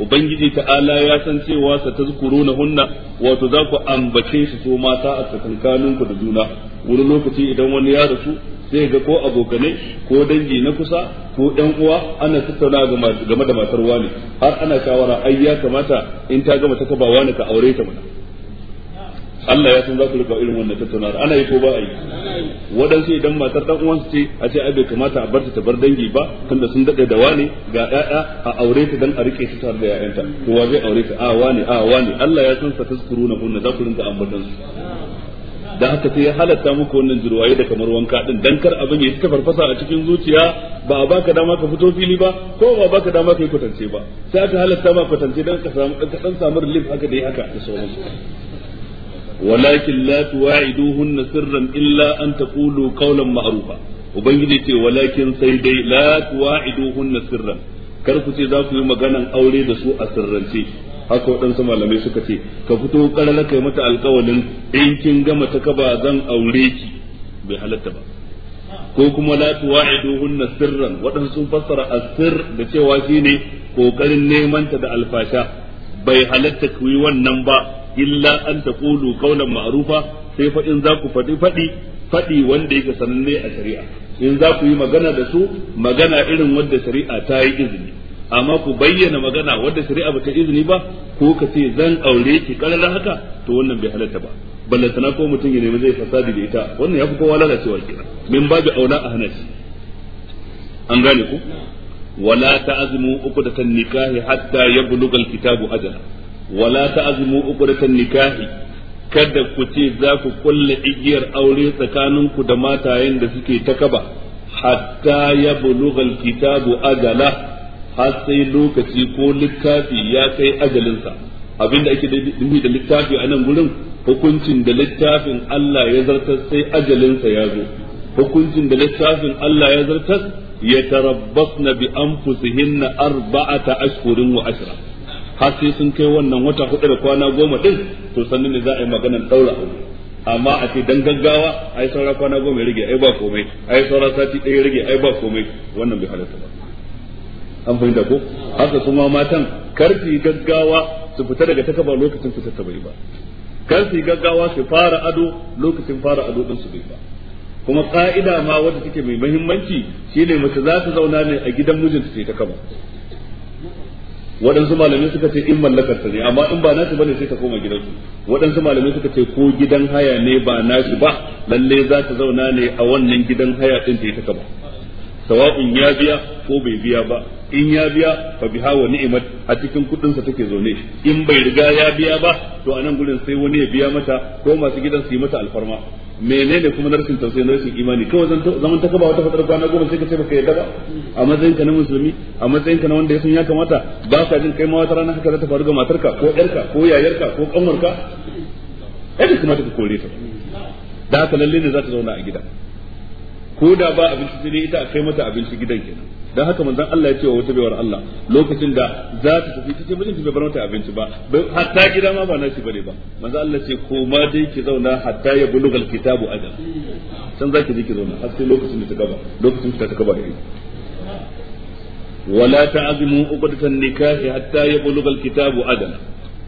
ubangiji ta'ala ya san cewa satazkurunahunna wato za ku ambace su so mata a tsakankaninku da juna wani lokaci idan wani ya rasu sai ga ko abokanai ko dangi na kusa ko ɗan uwa ana tattauna game da matar wani har ana shawara ai ya kamata in ta gama ta kaba wani ka aure ta mana Allah ya san za ku rika irin wannan tattaunawar ana yi ko ba a yi waɗansu idan matar ɗan uwansu ce a ce ai bai kamata a barta ta bar dangi ba tunda sun daɗe da wani ga ɗaya a aure ta dan a rike ta tare da ƴaƴanta to wa zai aure ta a wani a wani Allah ya san sa na kunna za ku rinka ambatan su da haka sai ya halatta muku wannan jirwaye da kamar wanka din dan kar abin ya ta farfasa a cikin zuciya ba a baka dama ka fito fili ba ko ba baka dama ka yi kwatance ba sai aka halatta ma kwatance dan ka samu dan ka dan samu relief haka da haka da sauransu walakin la sirran illa an taqulu qawlan ma'rufa ubangiji ce walakin sai dai la tuwa'iduhunna sirran kar ku ce za ku yi maganan aure da su a sirrance haka waɗansu malamai suka ce ka fito karala kai mata alƙawalin ɗinkin gama ta kaba zan aure ki bai halatta ba ko kuma la tuwa'iduhunna sirran waɗansu sun fassara asir da cewa shi ne ƙoƙarin neman ta da alfasha bai halatta ku yi wannan ba illa an kulu qawlan ma'arufa sai faɗin za ku faɗi faɗi faɗi wanda yake sananne a shari'a in za ku yi magana da su magana irin wadda shari'a ta yi izini amma ku bayyana magana wanda shari'a bata izini ba ko ka ce zan aure ki karara haka to wannan bai halatta ba ballantana ko mutum ya nemi zai fasadi da ita wannan ya fi kowa lalacewa kira min babu auna a hana shi an gane ku wala ta uku da kan nikahi hatta yablugha kitabu ajala wala ta uku da kan nikahi kada ku ce za ku kulle igiyar aure tsakaninku da matayen da suke ta kaba hatta ya yablugha kitabu ajala har sai lokaci ko littafi ya kai ajalinsa abinda ake dubi da littafi a nan gurin hukuncin da littafin Allah ya zartar sai ajalinsa ya zo hukuncin da littafin Allah ya zartar ya tarabbasna bi anfusihinna ta ashhurin wa ashra har sai sun kai wannan wata hudu da kwana goma din to sannan ne za a yi maganar daura aure amma a ce dan gaggawa ai saura kwana goma ya rage ai ba komai ai saura sati ɗaya ya rage ai ba komai wannan bai halatta ba an fahimta ko haka kuma matan karfi gaggawa su fita daga ta kaba lokacin fitar ta bai ba karfi gaggawa su fara ado lokacin fara ado din su bai ba kuma ka'ida ma wadda take mai muhimmanci shine mace za ta zauna ne a gidan mijinta sai ta kaba waɗansu malamai suka ce in mallakar ta ne amma in ba nasu bane sai ta koma gidansu waɗansu malamai suka ce ko gidan haya ne ba nasu ba lalle za ta zauna ne a wannan gidan haya din ta ta kaba sawa'in ya biya ko bai biya ba in ya biya fa biha wa ni'mat a cikin kudin sa take zaune in bai riga ya biya ba to a nan gurin sai wani ya biya mata ko masu gidan su yi mata alfarma menene kuma darsin tausayi na rashin imani kawai zaman ta kaba wata fatar kwana goma sai ka ce baka yarda ba a matsayin ka na musulmi a matsayin ka na wanda ya san ya kamata ba ka jin kai ma wata rana haka za ta faru ga matarka ko yarka ko yayarka ko kanwarka ai kuma ta kore ta da haka lalle ne za ta zauna a gida ko da ba abinci sai dai ita a kai mata abinci gidan kenan dan haka manzon Allah ya ce wa wata baiwar Allah lokacin da za ta tafi ta ce mijinki bai bar mata abinci ba hatta gida ma ba nashi bane ba manzon Allah ce ko ma dai ki zauna hatta ya buluga alkitabu ajal san za ki je ki zauna har sai lokacin da ta gaba lokacin da ta gaba yayi wala ta'zimu uqdatan nikahi hatta ya buluga alkitabu ajal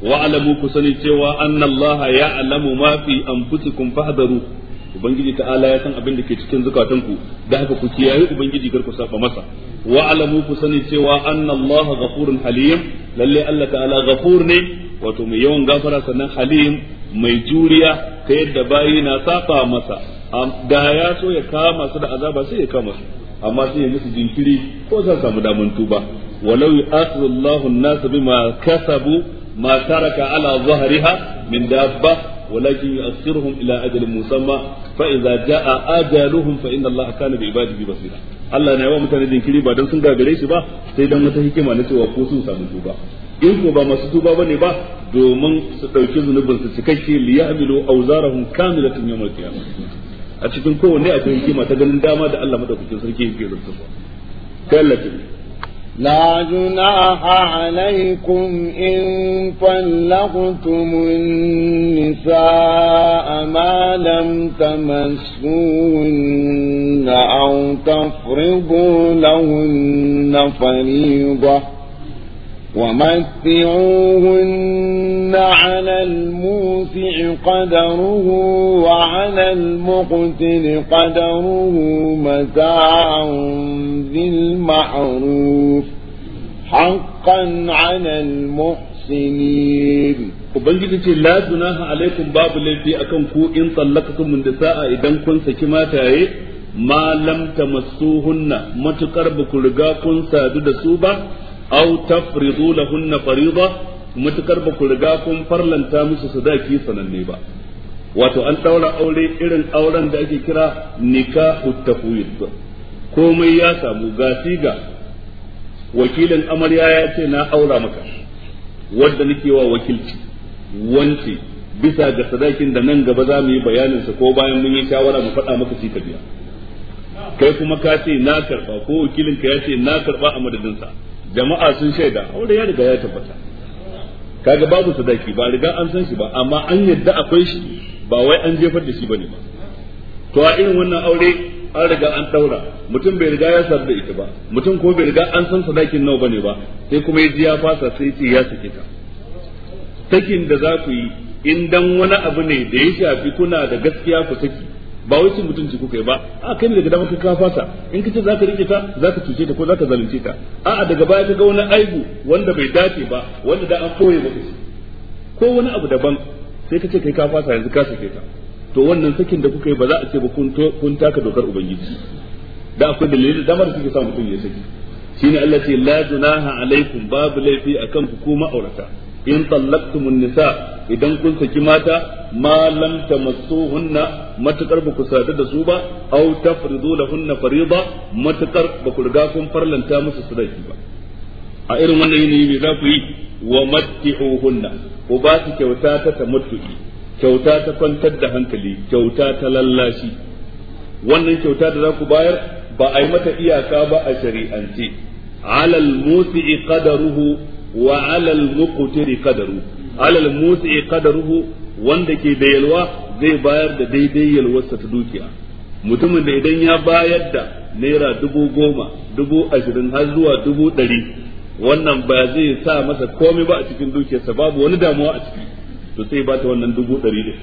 wa alamu ku sani cewa annallaha ya'lamu ma fi anfusikum fahdharu ubangiji ta'ala ya san abin da ke cikin zukatanku da haka ku kiyaye ubangiji kar ku saba masa wa alamu ku sani cewa annallahu Allah ghafurun halim lalle Allah ta'ala ghafur ne wato mai yawan gafara sannan halim mai juriya ta yadda bayi na saba masa da ya so ya kama su da azaba sai ya kama su amma sai ya musu jinkiri ko za samu daman tuba walau yu'akhidhu Allahu an-nasa bima kasabu ma taraka ala dhahriha min dabba walakin yu'akhiruhum ila ajalin musamma fa idza jaa ajaluhum fa inna allaha kana bi ibadihi basira Allah na yawa mutane jinkiri ba dan sun gagare shi ba sai dan wata hikima na cewa ko sun samu tuba in ba masu tuba ne ba domin su dauki zunubin su cikakke li ya'milu awzarahum kamilatan yawmal a cikin kowanne a cikin hikima ta ganin dama da Allah madaukakin sarki yake zartarwa kallatin لا جناح عليكم إن طلقتم النساء ما لم تمسون أو تفرضوا لهن فريضة ومتعوهن على الموسع قدره وعلى المقتل قدره متاعا بالمعروف حقا على المحسنين ubangiji ce la junaha alaikum babu laifi akan ku in tsallakakum sa'a idan kun saki mataye ma lam tamassuhunna matukar ba ku riga kun sadu da su ba aw tafridu lahunna fariida matukar ba ku riga kun farlanta musu sadaki sananne ba wato an daura aure irin auren da ake kira nikahu tafwid komai ya samu ga siga wakilin amarya ya ce na aura maka wadda nake wa wakilci wance bisa ga sadakin da nan gaba za mu yi bayaninsa ko bayan mun yi shawara mu faɗa maka shi ka biya kai kuma ka ce na karɓa ko wakilin ka ya ce na karɓa a madadinsa jama'a sun shaida aure ya riga ya tabbata kaga babu sadaki ba riga an san shi ba amma an yadda akwai shi ba wai an jefar da shi bane ba to a irin wannan aure an riga an daura mutum bai riga ya sadu ita ba mutum ko bai riga an san sadakin nawa bane ba sai kuma ya ji ya fasa sai ce ya sake ta sakin da za ku yi in dan wani abu ne da ya shafi kuna da gaskiya ku saki ba wai cin mutunci kuka yi ba a kai ne daga dama ka fasa in kace ka rike ta ka cuce ta ko za ka zalunce ta a daga baya ka ga wani aibu wanda bai dace ba wanda da an koye maka shi ko wani abu daban sai kace kai ka fasa yanzu ka sake ta to wannan sakin da kuka yi ba za a ce ba kun kun taka dokar ubangiji da akwai dalilin da mara da suke sa mutum ya saki shine Allah ce la junaha alaikum babu laifi akan ku ko ma'aurata in tallaqtumun nisa idan kun saki mata ma lam tamassuhunna matakar ba ku sadu da su ba aw tafridu lahunna fariida matakar ba ku riga kun farlanta musu sadaki ba a irin wannan yanayi ne za ku yi wa matti'uhunna ku ba su kyauta ta tamattu'i kyauta ta kwantar da hankali kyauta ta lallashi wannan kyauta da za ku bayar ba a yi mata iyaka ba a shari'ance alal musi'i qadaruhu wa alal muqtiri qadaru alal musi qadaruhu wanda ke da yalwa zai bayar da daidai yalwarsa ta dukiya mutumin da idan ya bayar da naira dubu goma dubu ashirin har zuwa dubu ɗari wannan ba zai sa masa komai ba a cikin dukiyarsa babu wani damuwa a ciki to sai ba ta wannan dubu ɗari ɗin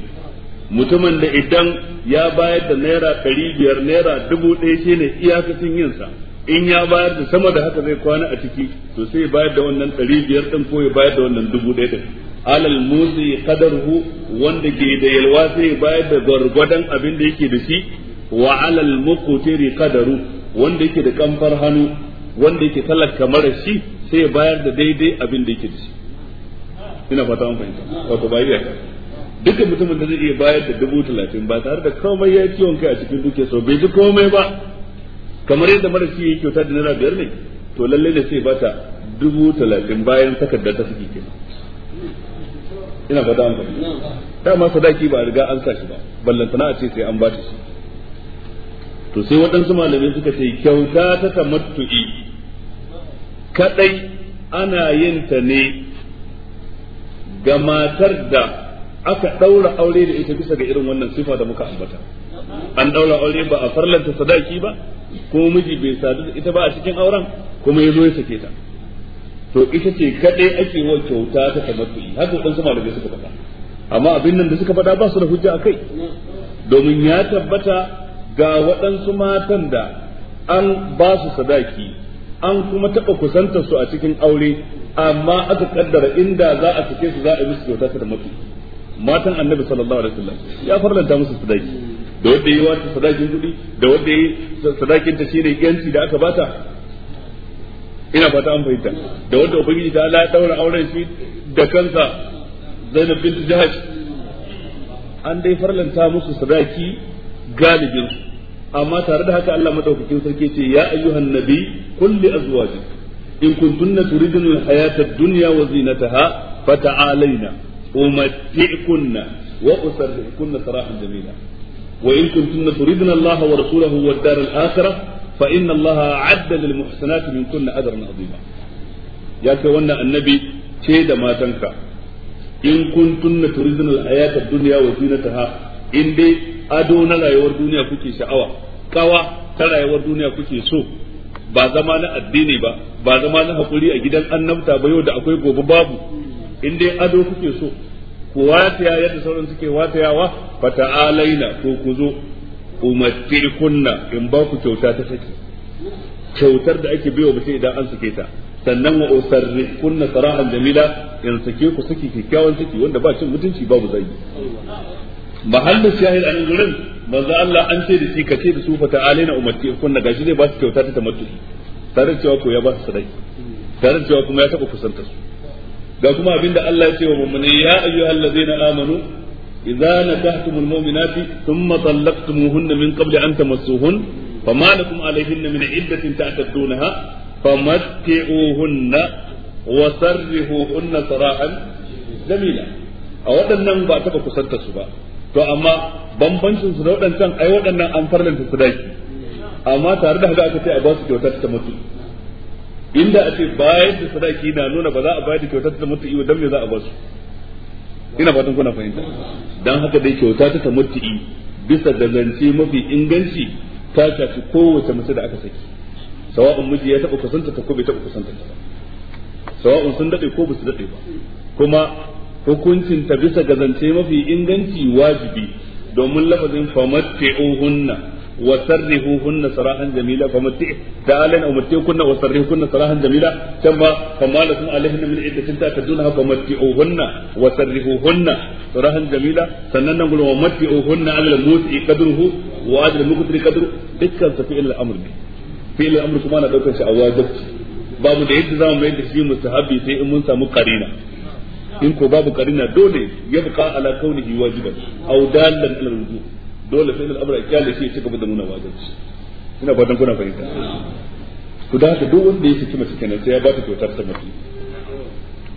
mutumin da idan ya bayar da naira ɗari biyar naira dubu ɗaya shine iyakacin yinsa in ya bayar da sama da haka zai kwana a ciki to sai bayar da wannan ɗari biyar ɗin ko ya bayar da wannan dubu ɗaya ɗin alal musi qadaruhu wanda ke da yalwa sai bayar da gwargwadon abin da yake da shi wa alal muqtiri qadaru wanda yake da kamfar hannu wanda yake talaka mara shi sai bayar da daidai abin da yake da shi ina fata an fahimta wato bai iya dukkan mutumin da zai iya bayar da dubu talatin ba tare da komai ya ciwon kai a cikin duke so bai ji komai ba kamar yadda mara shi yi kyauta da naira biyar ne to lalle da sai bata dubu talatin bayan takardar ta suke kenan ina fata an fahimta dama sadaki ba a riga an sa shi ba ballantana a ce sai an bata shi to sai waɗansu malamai suka ce kyauta ta tamattu'i kadai ana yin ta ne ga matar da aka ɗaura aure da ita bisa ga irin wannan sifa da muka ambata an ɗaura aure ba a farlanta sadaki ba ko miji bai sadu da ita ba a cikin auren kuma ya zo ya sake ta to ita ce kadai ake wa kyauta ta tamattu'i haka wadansu malamai suka faɗa amma abin nan da suka faɗa ba su da hujja kai. domin ya tabbata ga waɗansu matan da an ba su sadaki an kuma taɓa kusantar su a cikin aure amma aka kaddara inda za a cike su za a yi musu kyauta ta da matan annabi sallallahu alaihi wasallam ya farlanta musu sadaki da wanda ya wata sadakin kuɗi da wanda ya sadakin ta shine yanci da aka bata ina fata an fahimta da wanda ubangiji ta Allah ya daura auren shi da kansa Zainab bint Jahash an dai farlanta musu sadaki galibin amma tare da haka Allah madaukakin sarki ce ya ayyuhan nabi kulli azwajik in kuntunna turidun alhayata ad-dunya wa zinataha fata'alaina umatti'kunna wa usarrihkunna sarahan jamila wa in kuntunna turidna Allah wa rasulahu wad dar al akhirah fa inna Allah a'adda lil muhsanati min kunna ajran azima ya kai wannan annabi ce da matanka in kuntunna turidna al hayata ad dunya wa zinataha in dai ado na rayuwar duniya kuke sha'awa kawa ta rayuwar duniya kuke so ba zama na addini ba ba zama na hakuri a gidan annabta ba yau da akwai gobe babu in dai ado kuke so ku wataya yadda sauran suke watayawa alaina ko ku zo kunna in ba ku kyauta ta saki kyautar da ake biyo mutum idan an sake ta sannan wa kunna sarahan jamila in sake ku saki kyakkyawan saki wanda ba cin mutunci babu zai mahallu shahid an gurin manzo Allah an ce da shi kace da su fata'alaina kunna gashi zai ba su kyauta ta tamattu tare cewa ko ya ba su sadaki tare cewa kuma ya taba kusanta su ga kuma abinda Allah ya ce wa mu'mini ya na amanu idza nakahtumul mu'minati thumma talaqtumuhunna min qabli an tamassuhun fama lakum alayhinna min iddatin ta'tadunaha famatti'uhunna wa sarrihuhunna sarahan jamila a waɗannan ba taɓa kusanta ba to amma bambancin su da waɗancan ai waɗannan an farlanta su daki amma tare da haka aka ce a ba su kyauta ta mutu inda a ce bayar da sadaki na nuna ba za a bayar da kyauta ta mutu'i dan me za a ba su ina fatan kuna fahimta dan haka dai kyauta ta mutu'i bisa da zance mafi inganci ta shafi kowace mace da aka saki sawa'un miji ya taɓa kusanta ta ko bai taɓa kusanta ta sawa'un sun daɗe ko basu daɗe ba kuma hukuncin ta bisa ga zance mafi inganci wajibi domin lafazin famatti'uhunna wa sarrihuhunna sarahan jamila fa mutti jamila na daukar shi a wajibi babu da yadda zamu mai da shi mustahabi sai mun samu karina karina dole dole sai al'amura ya kyale shi ya ci da nuna wajibci ina fatan kuna fahimta ku da haka duk wanda ya saki mace kenan sai ya ba ta kyautar ta mafi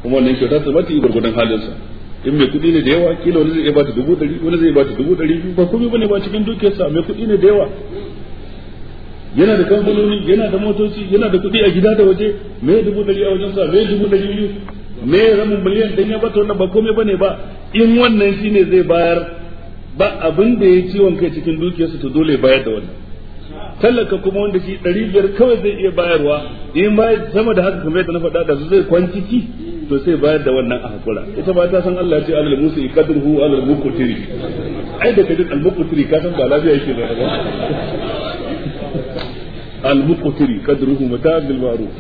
kuma wannan kyautar ta mafi gurgurdan halinsa in mai kuɗi ne da yawa kila wani zai iya dubu ɗari wani zai bata ta dubu ɗari biyu ba komai bane ba cikin dukiyarsa mai kuɗi ne da yawa yana da kamfanoni yana da motoci yana da kuɗi a gida da waje mai dubu ɗari a wajensa mai dubu ɗari biyu mai ramin miliyan dan ya bata wannan ba komai bane ba in wannan shine zai bayar ba abin da ya ciwon kai cikin dukiyarsa to dole bayar da wannan tallaka kuma wanda shi ɗari biyar kawai zai iya bayarwa in ba sama da haka kamar yadda na faɗa da su zai kwanci ki to sai bayar da wannan a hakura ita ba ta san Allah ya ce alal musu ikadruhu alal mukutiri ai da kadin al mukutiri ka san ba lafiya yake ba al mukutiri kadruhu mata'an bil ma'ruf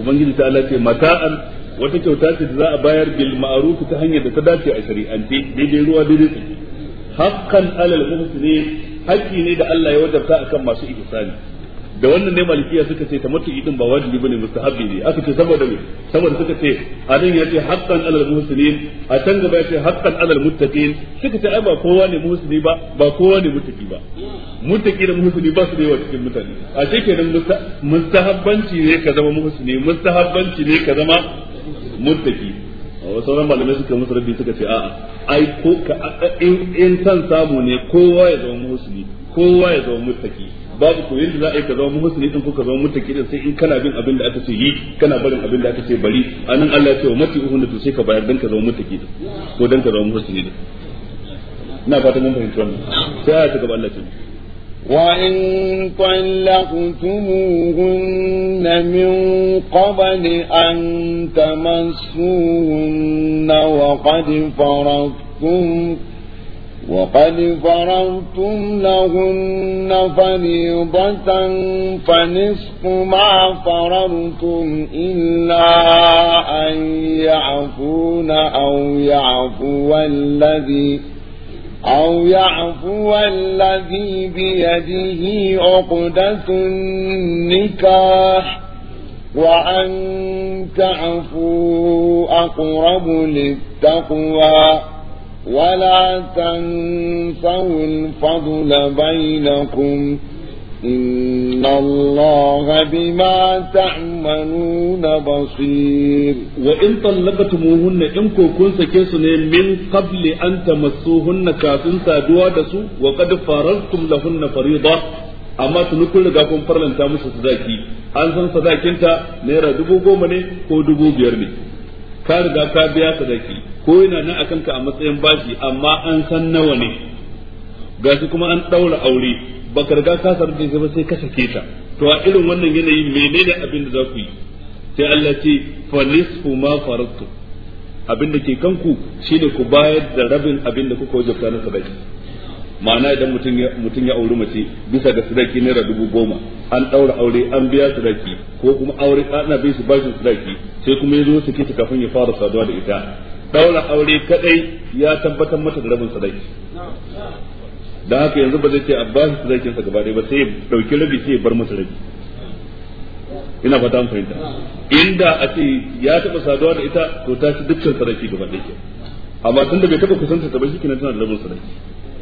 ubangiji ta Allah ce mata'an wata kyauta ce da za a bayar bil ma'ruf ta hanyar da ta dace a shari'ance daidai ruwa daidai Hakkan alal muhsinin haƙƙi ne da Allah ya wajabta akan masu ihsani da wannan ne malikiya suka ce tamattu idin ba wajibi bane mustahabbi ne aka ce saboda me saboda suka ce ya ce haqqan alal muhsinin a can gaba ce haqqan alal muttaqin suka ce ai ba kowa ne muhsini ba ba kowa ne muttaqi ba muttaqi da muhsini ba su da yawa cikin mutane a ce kenan mustahabbanci ne ka zama muhsini mustahabbanci ne ka zama muttaqi wa sauran malamai suka musu rabbi suka ce a'a ai ko ka in in san samu ne kowa ya zama musulmi kowa ya zama mutaki babu ko yadda za a yi ka zama musulmi din ko ka zama mutaki din sai in kana bin abin da aka ce yi kana barin abin da aka ce bari anan Allah ya ce wa mati da to sai ka bayar dan ka zama mutaki din ko dan ka zama musulmi din ina fatan mun fahimci wannan sai a ta gaba Allah ce وإن طلقتموهن من قبل أن تمسوهن وقد فرضتم وقد فرضتم لهن فريضة فنصف ما فررتم إلا أن يعفون أو يعفو الذي أو يعفو الذي بيده عقدة النكاح وأن تعفو أقرب للتقوى ولا تنسوا الفضل بينكم إن الله بما تعملون بصير وإن طلقتموهن إن كنت كيسن من قبل أن تمسوهن كافن سادوا دسو وقد فرضتم لهن فريضة amma tuni kun riga kun farlanta musu sadaki an san sadakinta naira dubu goma ne ko dubu biyar ne ka riga ka biya sadaki ko yana nan akan ka a matsayin bashi amma an san nawa ne gashi kuma an daura aure baka riga ka saru da ba sai ka sake ta to a irin wannan yanayi menene abin da za ku yi sai Allah ce fa nisfu ma faratu abin da ke kanku shine ku bayar da rabin abin da kuka wajabta na sadaki ma'ana idan mutum ya mutum ya auri mace bisa ga sadaki naira dubu goma an daura aure an biya sadaki ko kuma aure ana bin shi bashin sadaki sai kuma ya zo sake kafin ya fara saduwa da ita daura aure kadai ya tabbatar mata da rabin sadaki da haka yanzu ba zai ce abbas su zai kinsa gaba ɗaya ba sai ya ɗauki rabi sai ya bar masa rabi ina fata an fahimta inda a ce ya taɓa saduwa da ita to ta ci dukkan sadaki gaba ɗaya amma tun da bai taɓa kusanta ta ba shi kenan tana da rabin sadaki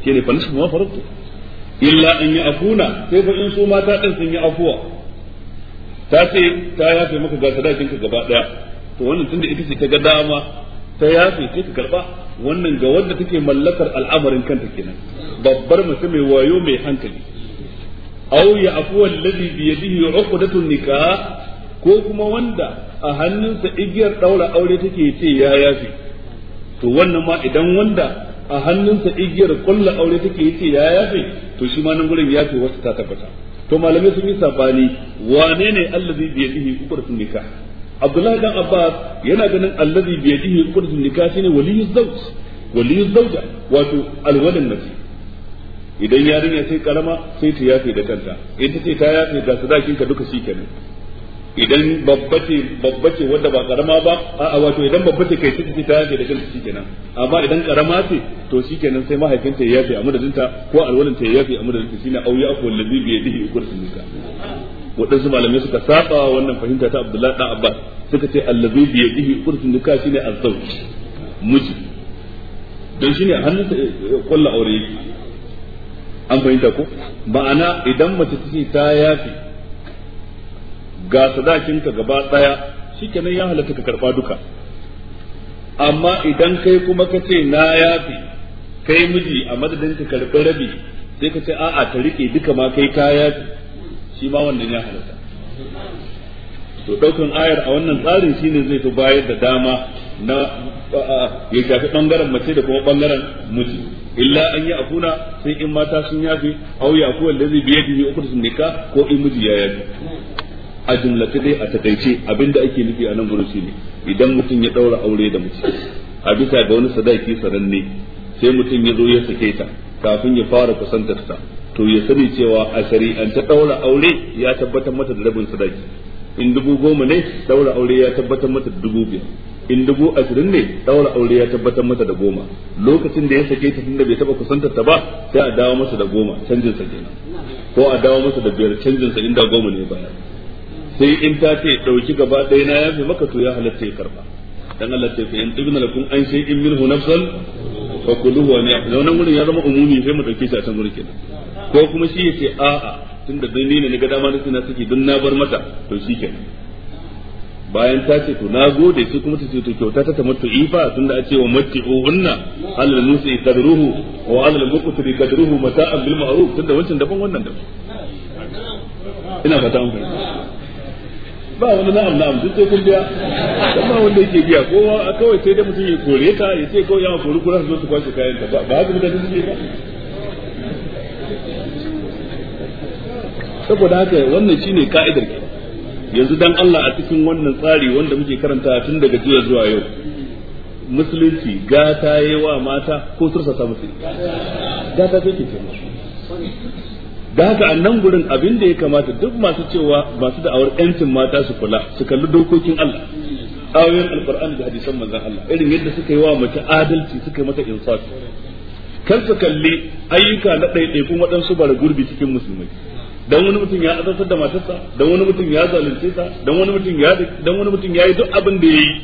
shi ne fanisa ma farautu illa an yi afuna sai fa in su mata ɗin sun yi afuwa ta ce ta yafe maka ga sadakin ka gaba ɗaya to wannan da ita ce ta ga dama ta ya fi ta karba wannan ga wanda take mallakar al'amarin kanta kenan babbar mace mai wayo mai hankali aw ya afu alladhi bi yadihi uqdatun nikah ko kuma wanda a hannunsa igiyar daura aure take ce ya fi. to wannan ma idan wanda a hannunsa igiyar kulla aure take ce ya fi to shi ma nan gurin fi wasu ta tabbata to malamai sun yi sabani wane ne allazi bi yadihi uqdatun nikah abdullahi dan abbas yana ganin allazi bi yadihi qudus nikah shine waliyyu zawj wali zawja wato alwalin nafsi idan yarinya sai karama sai ta yafe da kanta ta ce ta yafe da su sadakin ka duka shikenan idan babbace babbace babba ce wanda ba karama ba a'a wato idan babba ce kai take ta yafe da kanta shikenan amma idan karama ce to shikenan sai mahaifinta ya yafe a madadinta ko alwalin ta ya yafe a madadinta shine auya akwai allazi bi yadihi qudus nikah waɗansu malamai suka saba wannan fahimta ta Abdullahi dan Abbas suka ce allazi bi yadihi qurtun nikah shine azzawj miji dan shine a hannunsa kullu eh, aure yake an fahimta ko ma'ana idan mace take ta yafi ga sadakin ka gaba daya shikenan ya halatta ka karba duka amma idan kai kuma ka ce na yafi kai miji a madadin ka karbi rabi sai ka ce a'a ta rike duka ma kai ta yafi shi ma wannan ya halatta to daukan ayar a wannan tsarin shine zai fi bayar da dama na ya shafi bangaren mace da kuma bangaren miji illa an yi afuna sai in mata sun yafi au ya kuwa da zai biye biye uku sun nika ko in miji ya yafi a jumla dai a takaice abinda ake nufi a nan gurin shine idan mutum ya daura aure da mace a bisa ga wani sadaki saranne sai mutum ya zo ya sake ta kafin ya fara kusantar ta to ya sani cewa a ta daura aure ya tabbatar mata da rabin sadaki in dubu goma ne daura aure ya tabbatar mata da dubu biyar in dubu ashirin ne daura aure ya tabbatar mata da goma lokacin da ya sake ta tunda bai taba kusantar ta ba sai a dawo masa da goma canjin sa kenan ko a dawo masa da biyar canjin sa inda goma ne baya sai in ta ce dauki gaba ɗaya na yafe maka to ya halatta ya karba dan Allah ta in tibna lakum an shay'in minhu nafsan fa kuluhu wa ni'am nan gurin ya zama umumi sai mu dauke shi a can gurin kenan ko kuma shi ya ce a'a tun da ni ne na ga dama na suke saki don na bar mata to shi ke. bayan ta ce to na gode su kuma ta ce to kyauta ta tamattu ifa da a ce wa matti'uhunna alal musi qadruhu wa alal muqtiri kadruhu mata'an bil ma'ruf da wancan daban wannan daban ina fata an fahimta ba wani na'am na'am duk sai kun biya dan ba wanda yake biya kowa kawai sai dai mutum ya kore ta ya ce ko ya kori kura su zo su kwashe kayan ta ba haka mutane suke ba saboda haka wannan shine ka'idar ke yanzu dan Allah a cikin wannan tsari wanda muke karanta tun daga jiya zuwa yau musulunci gata yi wa mata ko sursa ta musu gata ce ke da haka a nan gurin abin da ya kamata duk masu cewa masu da'awar yancin mata su kula su kalli dokokin Allah ayoyin alkur'ani da hadisan manzon Allah irin yadda suka yi wa mace adalci suka yi mata insaf kar su kalli ayyuka na ɗaiɗaikun waɗansu bara gurbi cikin musulmai dan wani mutum ya azabtar da matarsa dan wani mutum ya zalunce ta dan wani mutum ya dan wani mutum yayi duk abin da yayi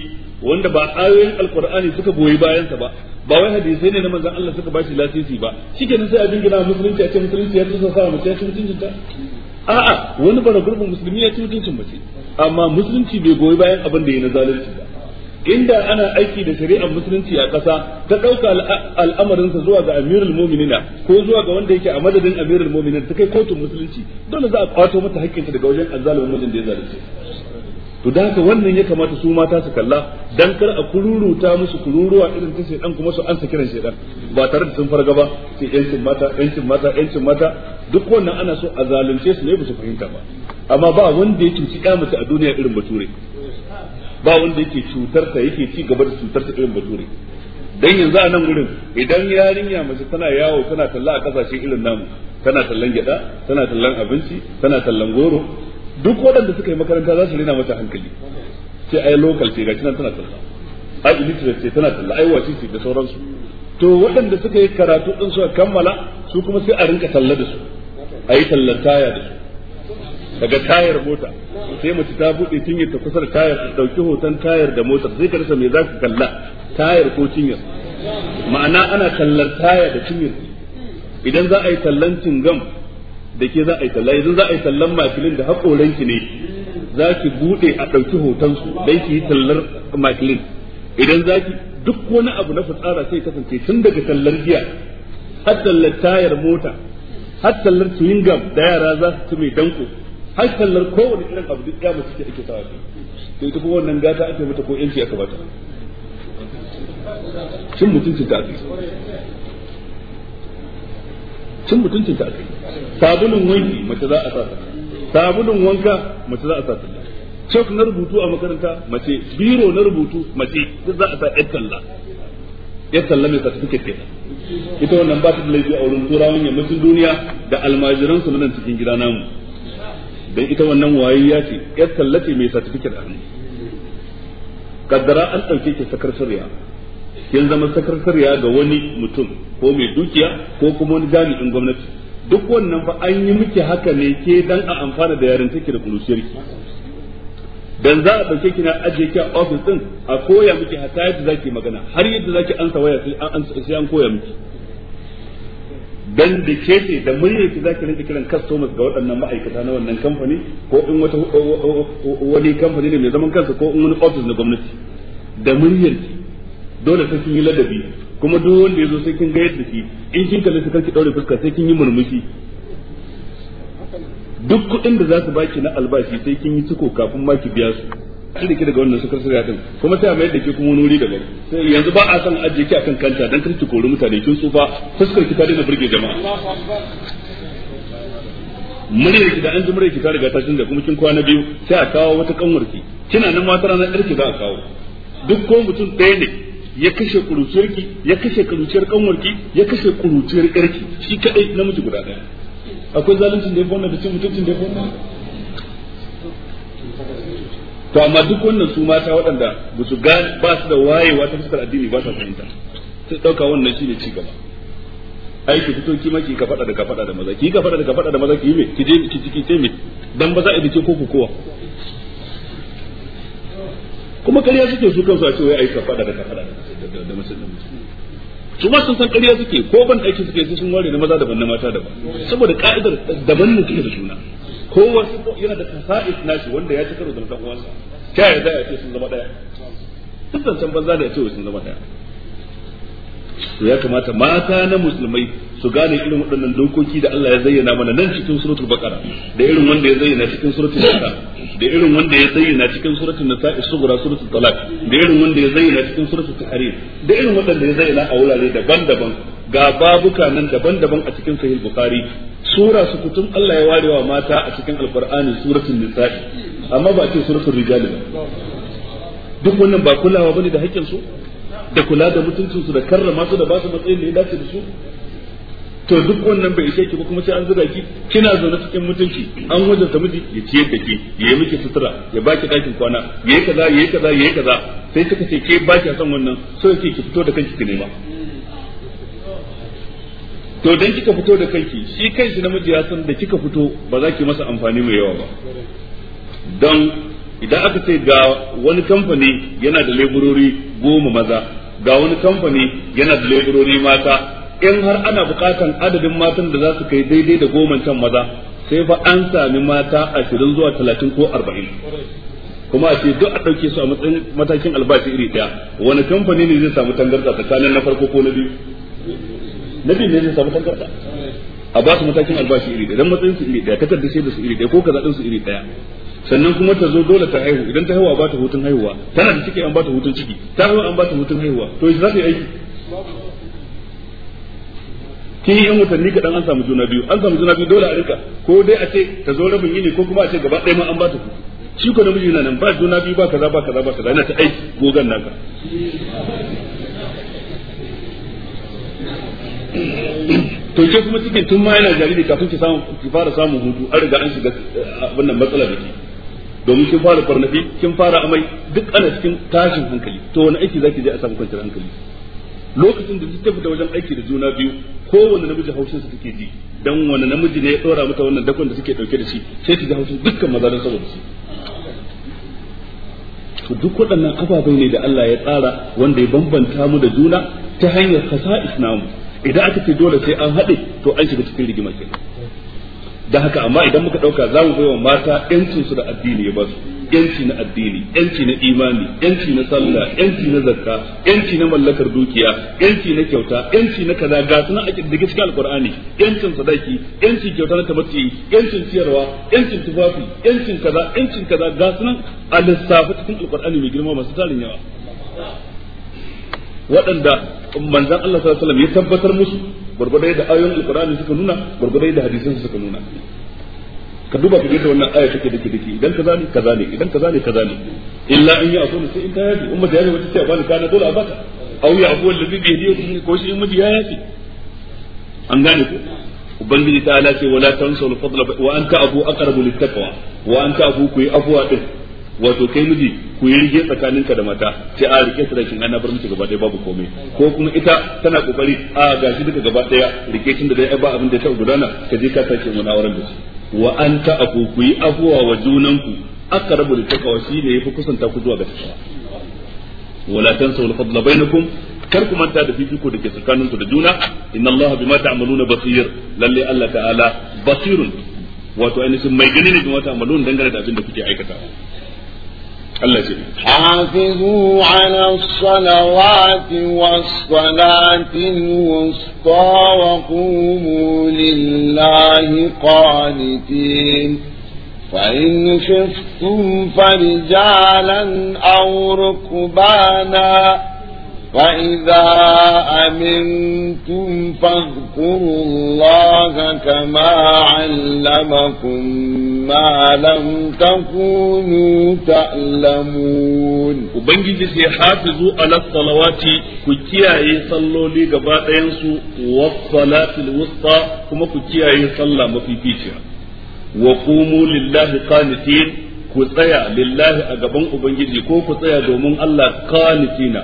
wanda ba ayoyin alqur'ani suka goyi bayan sa ba ba wai hadisi ne na manzon Allah suka bashi lasisi ba shikenan sai a dinga musulunci a ce musulunci ya tsasa sa mu ce ci mutuncin ta a'a wani bara gurbin musulmi ya ci mutuncin mace amma musulunci bai goyi bayan abin da yayi na zalunci ba inda ana aiki da shari'ar musulunci a ƙasa ta ɗauka al'amarinsa zuwa ga amirul muminina ko zuwa ga wanda yake a madadin amirul muminina ta kai kotun musulunci dole za a kwato mata haƙƙinta daga wajen azalumin mutum da ya zalunce to da haka wannan ya kamata su mata su kalla dan kar a kururuta musu kururuwa irin ta shedan kuma su ansa kiran shedan ba tare da sun farga ba sai yancin mata yancin mata yancin mata duk wannan ana so a zalunce su ne ba su fahimta ba amma ba wanda ya cinci mace a duniya irin bature ba wanda yake cutarsa yake ci gaba da cutarsa irin bature dan yanzu a nan gurin idan yarinya mace tana yawo tana talla a kasashe irin namu tana tallan gyada tana tallan abinci tana tallan goro duk waɗanda suka yi makaranta za su rena mata hankali sai ai local ce gashi nan tana talla a illiterate ce tana talla ai wace ce da sauransu to waɗanda suka yi karatu din suka kammala su kuma sai a rinka talla da su ayi tallan taya da su daga tayar mota sai mace ta buɗe cinyar ta kusa da tayar ta ɗauki hoton tayar da motar zai ka rasa me za ka kalla tayar ko cinyar ma'ana ana kallar taya da cinyar idan za a yi tallan cingam da ke za a yi talla idan za a yi tallan makilin da ki ne za ki buɗe a ɗauki hoton su don ki yi tallar makilin idan za ki duk wani abu na fitsara sai kasance tun daga tallar giya har tallar tayar mota har tallar cingam, da yara za su ci mai danko hankalar kowane irin abu duk ya mace ake sa shi to ita kuma wannan gata ake mata ko yanci aka bata cin mutuncin ta akai cin mutuncin ta akai sabulun wanki mace za a sa sabulun wanka mace za a sa cok na rubutu a makaranta mace biro na rubutu mace duk za a sa yan talla yan talla mai certificate kenan ita wannan ba ta da laifi a wurin turawan yammacin duniya da almajiran su nan cikin gida namu dan ita wannan wayayya ce yar tallace mai certificate a hannu kaddara an ɗauke ki sakarsariya kin zama sakarsariya ga wani mutum ko mai dukiya ko kuma wani jami'in gwamnati duk wannan fa an yi miki haka ne ke dan a amfana da yarantaki da kulusiyar ki dan za a dauke ki na ajiye ki a office din a koya miki hatta yadda zaki magana har yadda zaki ansa waya sai an koya miki dan da ke ce da muryar ki zaki rinka kiran customers ga waɗannan ma'aikata na wannan kamfani ko in wata wani kamfani ne mai zaman kansa ko in wani office na gwamnati da muryar ki dole sai kin yi ladabi kuma duk wanda ya zo sai kin ga yadda shi in kin kalle sai kanki daure fuska sai kin yi murmushi duk kuɗin da za su baki na albashi sai kin yi ciko kafin ma ki biya su an rike daga wannan sukar sirriya din kuma sai a mayar da ke kuma wuri daban sai yanzu ba a san ajiye ki akan kanta dan kar ki kori mutane kin tsufa fuskar ki ta daina burge jama'a muryar ki da an ji muryar ki ta riga ta canza kuma kin kwana biyu sai a kawo wata kanwar ki kina nan ma tana nan ɗarki za a kawo duk ko mutum ɗaya ne ya kashe kuruciyar ki ya kashe kuruciyar kanwar ki ya kashe kuruciyar ƙarki shi kadai namiji guda ɗaya akwai zaluncin da ya fona da cin mutuncin da ya fona to amma duk wannan su mata waɗanda ba su gane ba su da wayewa ta fuskar addini ba sa fahimta sai ɗauka wannan shine ci gaba ai ki fito ki maki ka faɗa da ka faɗa da maza ki ka faɗa da ka faɗa da maza ki yi me ki je ki ciki ce me dan ba za a dace ko ku kowa kuma kariya suke su kansu a ce wai ai ka faɗa da ka faɗa da maza da su ma sun san kariya suke ko ban aiki suke su sun ware na maza daban na mata daban saboda ka'idar daban ne suke da juna ko wasu yana da kasa'is nashi wanda ya ci karo da dan uwansa ta yaya za ce sun zama daya duk zancen banza da ya ce sun zama daya to ya kamata mata na musulmai su gane irin waɗannan dokoki da Allah ya zayyana mana nan cikin suratul baqara da irin wanda ya zayyana cikin suratul baqara da irin wanda ya zayyana cikin suratul nisa'i sugura suratul talaq da irin wanda ya zayyana cikin suratul tahrim da irin waɗanda ya zayyana a wurare daban-daban ga babuka nan daban-daban a cikin sahih bukhari sura su kutum Allah ya ware wa mata a cikin alkurani suratul nisa'i amma ba ce suratul rijal ba duk wannan ba kulawa bane da haƙƙin su da kula da mutuncin su da karrama su da ba su matsayin da ya dace da su to duk wannan bai ishe ki ba kuma sai an zuga ki kina zaune cikin mutunci an wajen ta miji ya ciyar da ke ya yi miki sutura ya baki ɗakin kwana ya yi kaza ya yi kaza ya yi kaza sai kika ce ke baki son wannan sai ki fito da kanki ki nema to dan kika fito da kanki shi kanshi namiji ya san da kika fito ba za ki masa amfani mai yawa ba don idan aka ce ga wani kamfani yana da leburori goma maza ga wani kamfani yana da leburori mata in har ana bukatan adadin matan da za su kai daidai da goma can maza sai ba an sami mata ashirin zuwa talatin ko arba'in kuma a ce duk a ɗauke su a matsayin matakin albashi iri ɗaya wani kamfani ne zai samu tangarɗa tsakanin na farko ko na biyu na biyu ne zai samu tangarda a ba su matakin albashi iri ɗaya matsayin su iri ɗaya takardar da su iri ɗaya ko kaza din su iri ɗaya sannan kuma ta zo dole ta haihu idan ta haihuwa ba ta hutun haihuwa tana da ciki an ba ta hutun ciki ta haihuwa an ba ta hutun haihuwa to za ta yi aiki kin yan watanni kaɗan an samu juna biyu an samu juna biyu dole a rika ko dai a ce ta zo rabin yini ko kuma a ce gaba ɗaya ma an ba ta hutu shi ko namiji na nan ba juna biyu ba kaza ba kaza ba kaza yana ta aiki gogan naka to ke kuma cikin tun ma yana jariri kafin ki samu ki fara samun hutu an riga an shiga wannan eh, matsala da ke domin kin fara farnafi kin fara amai duk ana cikin tashin hankali to wani aiki zaki je a samu kwanciyar hankali lokacin da ta fita wajen aiki da juna biyu kowane namiji haushin su take ji dan wani namiji ne ya dora mata wannan dakon da suke dauke da shi sai ta ji haushin dukkan maza don saboda shi to duk waɗannan ababai ne da Allah ya tsara wanda ya bambanta mu da juna ta hanyar kasa'is namu idan aka ce dole sai an haɗe to an shiga cikin rigima ke. da haka amma idan muka ɗauka za mu baiwa mata yancin su da addini ya ba su yanci na addini yanci na imani yanci na sallah yanci na zakka yanci na mallakar dukiya yanci na kyauta yanci na kaza ga suna ake da cikin alqur'ani yancin sadaki yancin kyauta na tabbaci yancin ciyarwa yancin tufafi yancin kaza yancin kaza ga suna a lissafa cikin alqur'ani mai girma masu tarin yawa waɗanda manzan Allah sallallahu alaihi wasallam ya tabbatar musu gurgurai da ayoyin alqur'ani suka nuna gurgurai da hadisan suka nuna ka duba ka yadda wannan aya take dake dake idan kaza ne kaza ne idan kaza ne kaza ne illa in ya afu sai in ta yaji umma ta yaji wata ce bani kana dole a baka aw ya afu allazi bi yadihi ko shi in miji ya yaji an gane ko ubangiji ta ala ce wala tansul fadla wa anta abu aqrabu lit taqwa wa anta abu ku yi afwa din wato kai miji ku yi tsakanin ka da mata sai a rike sadakin ana bar miki gaba ɗaya babu komai ko kuma ita tana kokari a gashi duka gaba ɗaya rike da dai ba abin da taɓa gudana ka je ka sake mu nawaran da shi wa an ta aku ku yi afuwa wa junanku aqrabu lit taqwa shi ne yafi kusanta ku zuwa ga taqwa wala tansu al fadla bainakum kar ku manta da fifiko da ke tsakanin ku da juna inna Allah bima ta'maluna basir lalle Allah ta'ala basirun wato ainihin mai gani ne bima dangane da abin da kuke aikatawa حافظوا على الصلوات والصلاة الوسطى وقوموا لله قانتين فإن خفتم فرجالا أو ركبانا فإذا أمنتم فاذكروا الله كما علمكم ما لم تكونوا تعلمون وبنجي سي حافظوا على الصلوات كتياي صلوا لي غبا دينسو والصلاة الوسطى كما كتياي صلى مفيفيتيا وقوموا لله قانتين ku tsaya lillahi a gaban ubangiji ko ku tsaya domin Allah qanitina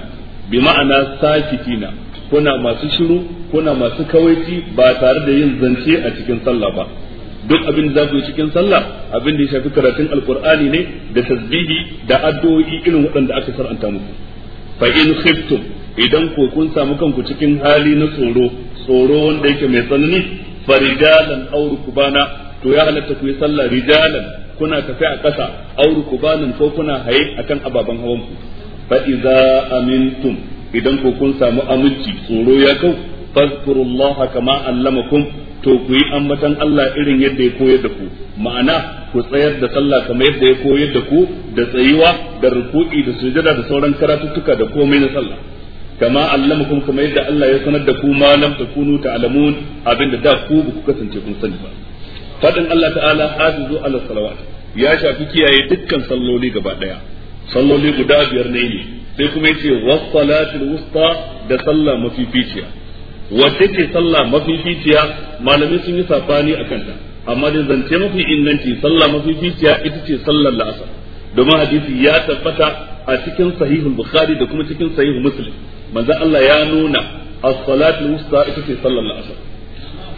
bi ma'ana sakitina kuna masu shiru kuna masu kawaici ba tare da yin zance a cikin sallah ba duk abin da za ku yi cikin sallah abin da ya shafi karatun alkur'ani ne da tasbihi da addu'o'i irin waɗanda aka saranta muku fa in khiftum idan ko kun samu kanku cikin hali na tsoro tsoro wanda yake mai tsanani fa rijalan aw rukbana to ya halatta ku yi sallah rijalan kuna tafi a ƙasa aw rukbanan ko kuna haye akan ababen hawan ku fa idza amintum idan ko kun samu aminci tsoro ya kau fazkurullaha kama allamakum to ku yi ambatan Allah irin yadda ya koyar da ku ma'ana ku tsayar da sallah kamar yadda ya koyar da ku da tsayuwa da ruku'i da sujada da sauran karatuttuka da komai na sallah kama allamakum kamar yadda Allah ya sanar da ku ma lam takunu ta'lamun abinda da ku ku kasance kun sani ba fadin Allah ta'ala hafizu ala salawat ya shafi kiyaye dukkan salloli gaba daya salloli guda biyar ne ne sai kuma yace was-salatul wusta da sallah ficiya. wacce ce sallah ficiya, malamai sun yi sabani akan ta amma dai zance mafi inganci sallah ficiya ita ce sallar la'asar domin hadisi ya tabbata a cikin sahihul bukhari da kuma cikin sahihul muslim manzo Allah ya nuna as-salatul wusta ita ce sallar la'asar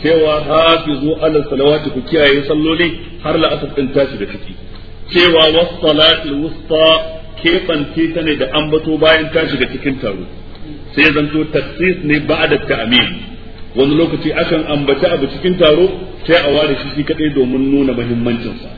cewa hafizu ala salawati ku kiyaye salloli har la'asar din tashi da kake cewa was-salatul wusta keɓance ta ne da ambato bayan ta shiga cikin taro sai zanto taksis ne ba da ta'amin wani lokaci akan ambaci abu cikin taro sai a ware shi kadai domin nuna muhimmancinsa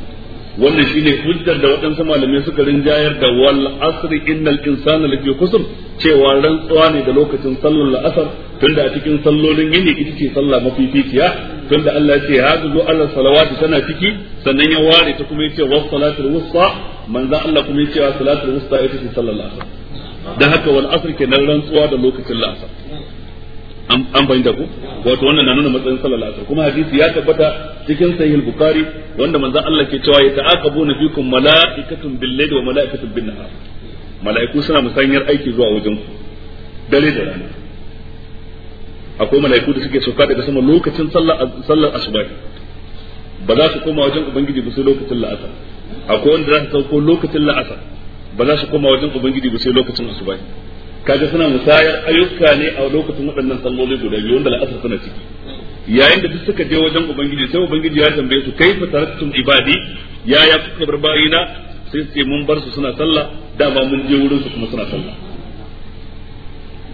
wannan shine hujjar da waɗansu malamai suka rinjayar da wal asri innal insana lafi kusur cewa rantsuwa ne da lokacin sallar la'asar tunda a cikin sallolin yini ita ce sallah mafificiya tunda Allah ya ce hadu ala salawati tana ciki sannan ya ware ta kuma ya ce was salatul wusta manzan Allah kuma ya cewa salatul wusta ita ce sallar asar dan haka wal asr kenan rantsuwa da lokacin la'asar an fahimta ku wato wannan na nuna matsayin sallar asar kuma hadisi ya tabbata cikin sahih bukhari wanda manzan Allah ke cewa ya ta'aqabuna fikum mala'ikatun bil-layli wa mala'ikatun bin-nahar mala'iku suna musanyar aiki zuwa wajen ku dare da rana akwai mala'iku da suke sauka daga sama lokacin sallar sallar ba za su koma wajen ubangiji ba sai lokacin la'asar akwai wanda za su sauko lokacin la'asa ba za su koma wajen ubangiji ba sai lokacin asuba kaga suna musayar ayyuka ne a lokacin waɗannan sallolin guda biyu wanda la'asar suna ciki yayin da duk suka je wajen ubangiji sai ubangiji ya tambaye su fa taraktum ibadi ya ya kuka bar bayina sai ce mun bar su suna sallah dama mun je wurin su kuma suna sallah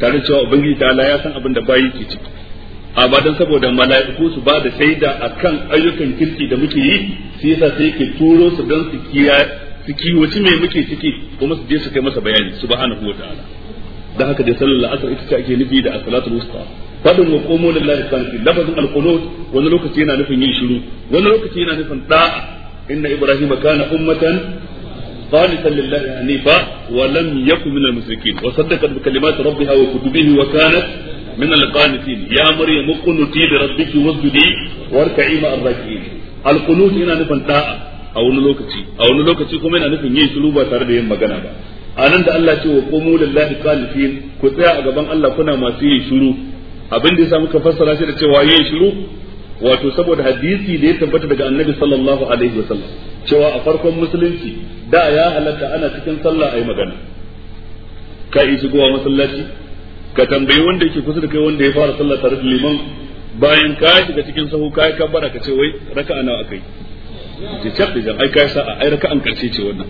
tare cewa ubangiji ta ya san abin da bayi ke ciki amma dan saboda mala'iku su ba da shaida akan ayyukan kirki da muke yi shi yasa sai ke turo su dan su kiya su kiwoci muke ciki kuma su je su kai masa bayani subhanahu wataala Da haka dai sallar asr ita ce ake nufi da as-salatul wusta fadin wa qumu lillahi qanitin lafazin al-qunut wani lokaci yana nufin yin shiru wani lokaci yana nufin da'a inna Ibrahim kana ummatan قانتا لله حنيفا ولم يكن من المشركين وصدقت بكلمات ربها وكتبه وكانت min القانتين ya مريم mukunuti لربك rabbiki wasjudi مع الراكعين القنوت هنا yana nufin او a wani lokaci a wani lokaci kuma yana nufin yin shiru ba tare da yin magana ba anan da Allah ce wa qumu lillahi qanitin ku tsaya a gaban Allah kuna masu yin shiru abin da yasa muka fassara shi da cewa yin shiru wato saboda hadisi da ya tabbata daga annabi sallallahu alaihi wasallam cewa a farkon musulunci da ya halatta ana cikin sallah ayi magana ka shigowa masallaci ka tambayi wanda yake kusa da kai wanda ya fara sallah tare da liman bayan ka shiga cikin sahu ka yi kabbara ka ce wai raka'a nawa akai ce cak da jan ai kai sa'a ai an karshe ce wannan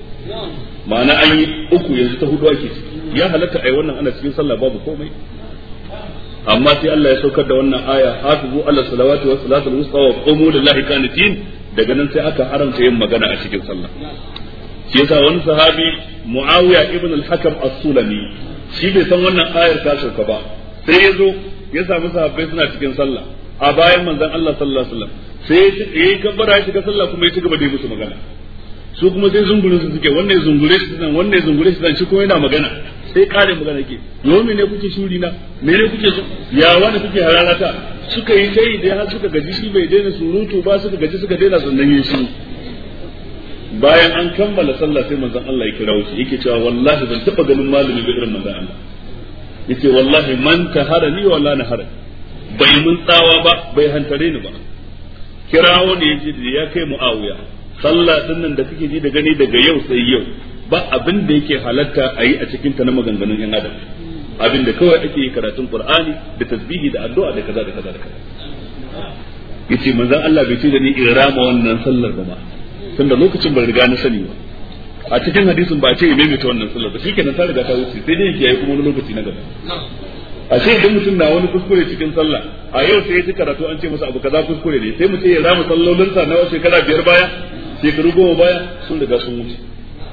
ma'ana an yi uku yanzu ta hudu ake ciki ya halatta ai wannan ana cikin sallah babu komai amma sai Allah ya saukar da wannan aya hafizu ala salawati wa salatul wusta wa qumu lillahi qanitin daga nan sai aka haramta yin magana a cikin sallah shi yasa wani sahabi Muawiya ibn al-Hakam as-Sulami shi bai san wannan ayar ta sauka ba sai ya zo ya samu sahabbai suna cikin sallah a bayan manzon Allah sallallahu alaihi wasallam sai ya yi kabbara ya shiga sallah kuma ya ci gaba da yi musu magana su kuma sai zungurin su suke wannan zungure shi nan wannan zungure shi nan shi kuma yana magana sai kare magana ke yau ne kuke shuri na me ne kuke ya wani kuke hararata suka yi sai dai har suka gaji shi bai daina surutu ba suka gaji suka daina sannan yin shi bayan an kammala sallah sai manzon Allah ya kira shi yake cewa wallahi ban taba ganin malami ba irin manzon Allah yake wallahi man tahara ni wala nahara bai mun tsawa ba bai hantare ni ba kirawo ne yaji da ya kai muawiya sallah din nan da kake ji da gani daga yau sai yau ba abin da yake halatta a yi a cikin ta na maganganun yan adam abin da kawai ake karatun qur'ani da tasbihi da addu'a da kaza da kaza da kaza yace manzon Allah bai ce da ni irama rama wannan sallar ba ma tunda lokacin bai riga na sani ba a cikin hadisin ba a ce imai ta wannan sallar ba shikenan ta riga ta wuce sai dai yake yayi kuma wani lokaci na gaba a ce idan mutum na wani kuskure cikin sallah a yau sai ya ci karatu an ce masa abu kaza kuskure ne sai mu ce ya rama sallolinsa na shekara biyar baya shekaru goma baya sun riga sun wuce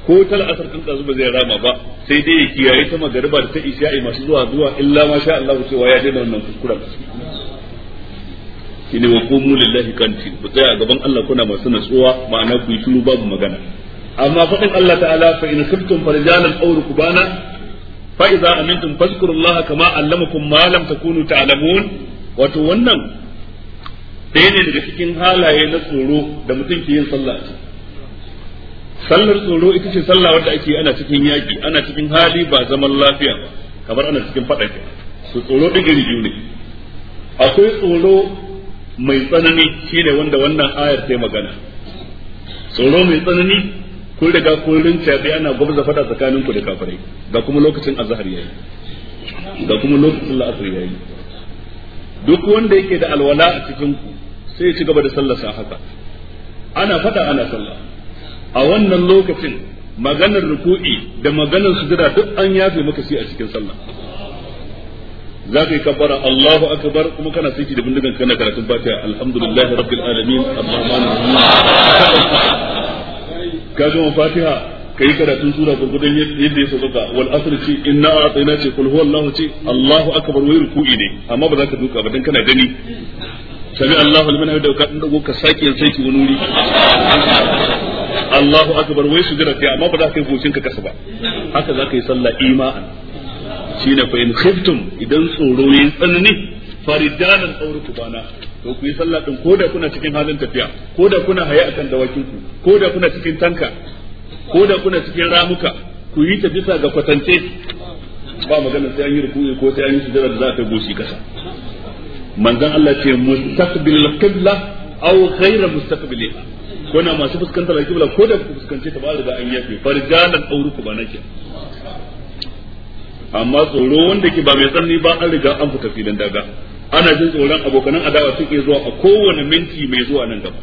ko tal asar kan tsazu ba zai rama ba sai dai ya kiyaye ta magariba da ta isha'i masu zuwa zuwa illa ma sha Allah cewa ya daina wannan kuskuren shine wa qumu lillahi kanti. ku tsaya gaban Allah kuna masu natsuwa ma'ana ku yi shiru babu magana amma fadin Allah ta'ala fa in kuntum farijalan aw rukbana fa idza amintum fazkurullaha kama allamakum ma lam takunu ta'lamun wato wannan ɗaya ne daga cikin halaye na tsoro da mutum ke yin sallah sallar tsoro ita ce sallah wadda ake ana cikin yaƙi, ana cikin hali ba zaman lafiya ba kamar ana cikin faɗa ke su tsoro ɗin iri biyu ne akwai tsoro mai tsanani shine wanda wannan ayar ta magana tsoro mai tsanani kun riga kun rinta bi ana gwamza fada tsakanin ku da kafirai ga kuma lokacin azhar yayi ga kuma lokacin ya yayi duk wanda yake da alwala a cikin ku sai ya ci gaba da sallar sa haka ana fada ana sallah a wannan lokacin maganar ruku'i da maganar sujada duk an yafe maka shi a cikin sallah za ka yi kabbara Allahu akbar kuma kana saki da bindigan kana karatun fatiha alhamdulillahi rabbil alamin arrahman arrahim ka ga fatiha kai karatun sura gurgudan yadda ya sauka wal asr ce inna a'tayna ce kul huwallahu ce Allahu akbar wai ruku'i ne amma ba za ka duka ba dan kana gani sami Allahu liman hamida ka dan dago ka saki yan sai wani wuri Allahu akbar wai sujada kai amma ba za ka yi gocin ka kasa ba haka za ka yi sallah ima'an Shi fa in khiftum idan tsoro yayin tsanani faridalan auru kubana to ku yi sallah din koda kuna cikin halin tafiya koda kuna haye akan dawakin ku koda kuna cikin tanka koda kuna cikin ramuka ku yi ta bisa ga kwatance ba magana sai an yi ruku'i ko sai an yi sujada da za ta goshi kasa manzon Allah ce mustaqbil qibla aw ghayra mustaqbiliha kuna masu fuskantar alqibla ko da ku fuskance ta ba da an yafe farjalan auru kubana ke amma tsoro wanda ke ba mai tsanani ba an riga an fita filin daga ana jin tsoron abokanan adawa suke zuwa a kowane minti mai zuwa nan gaba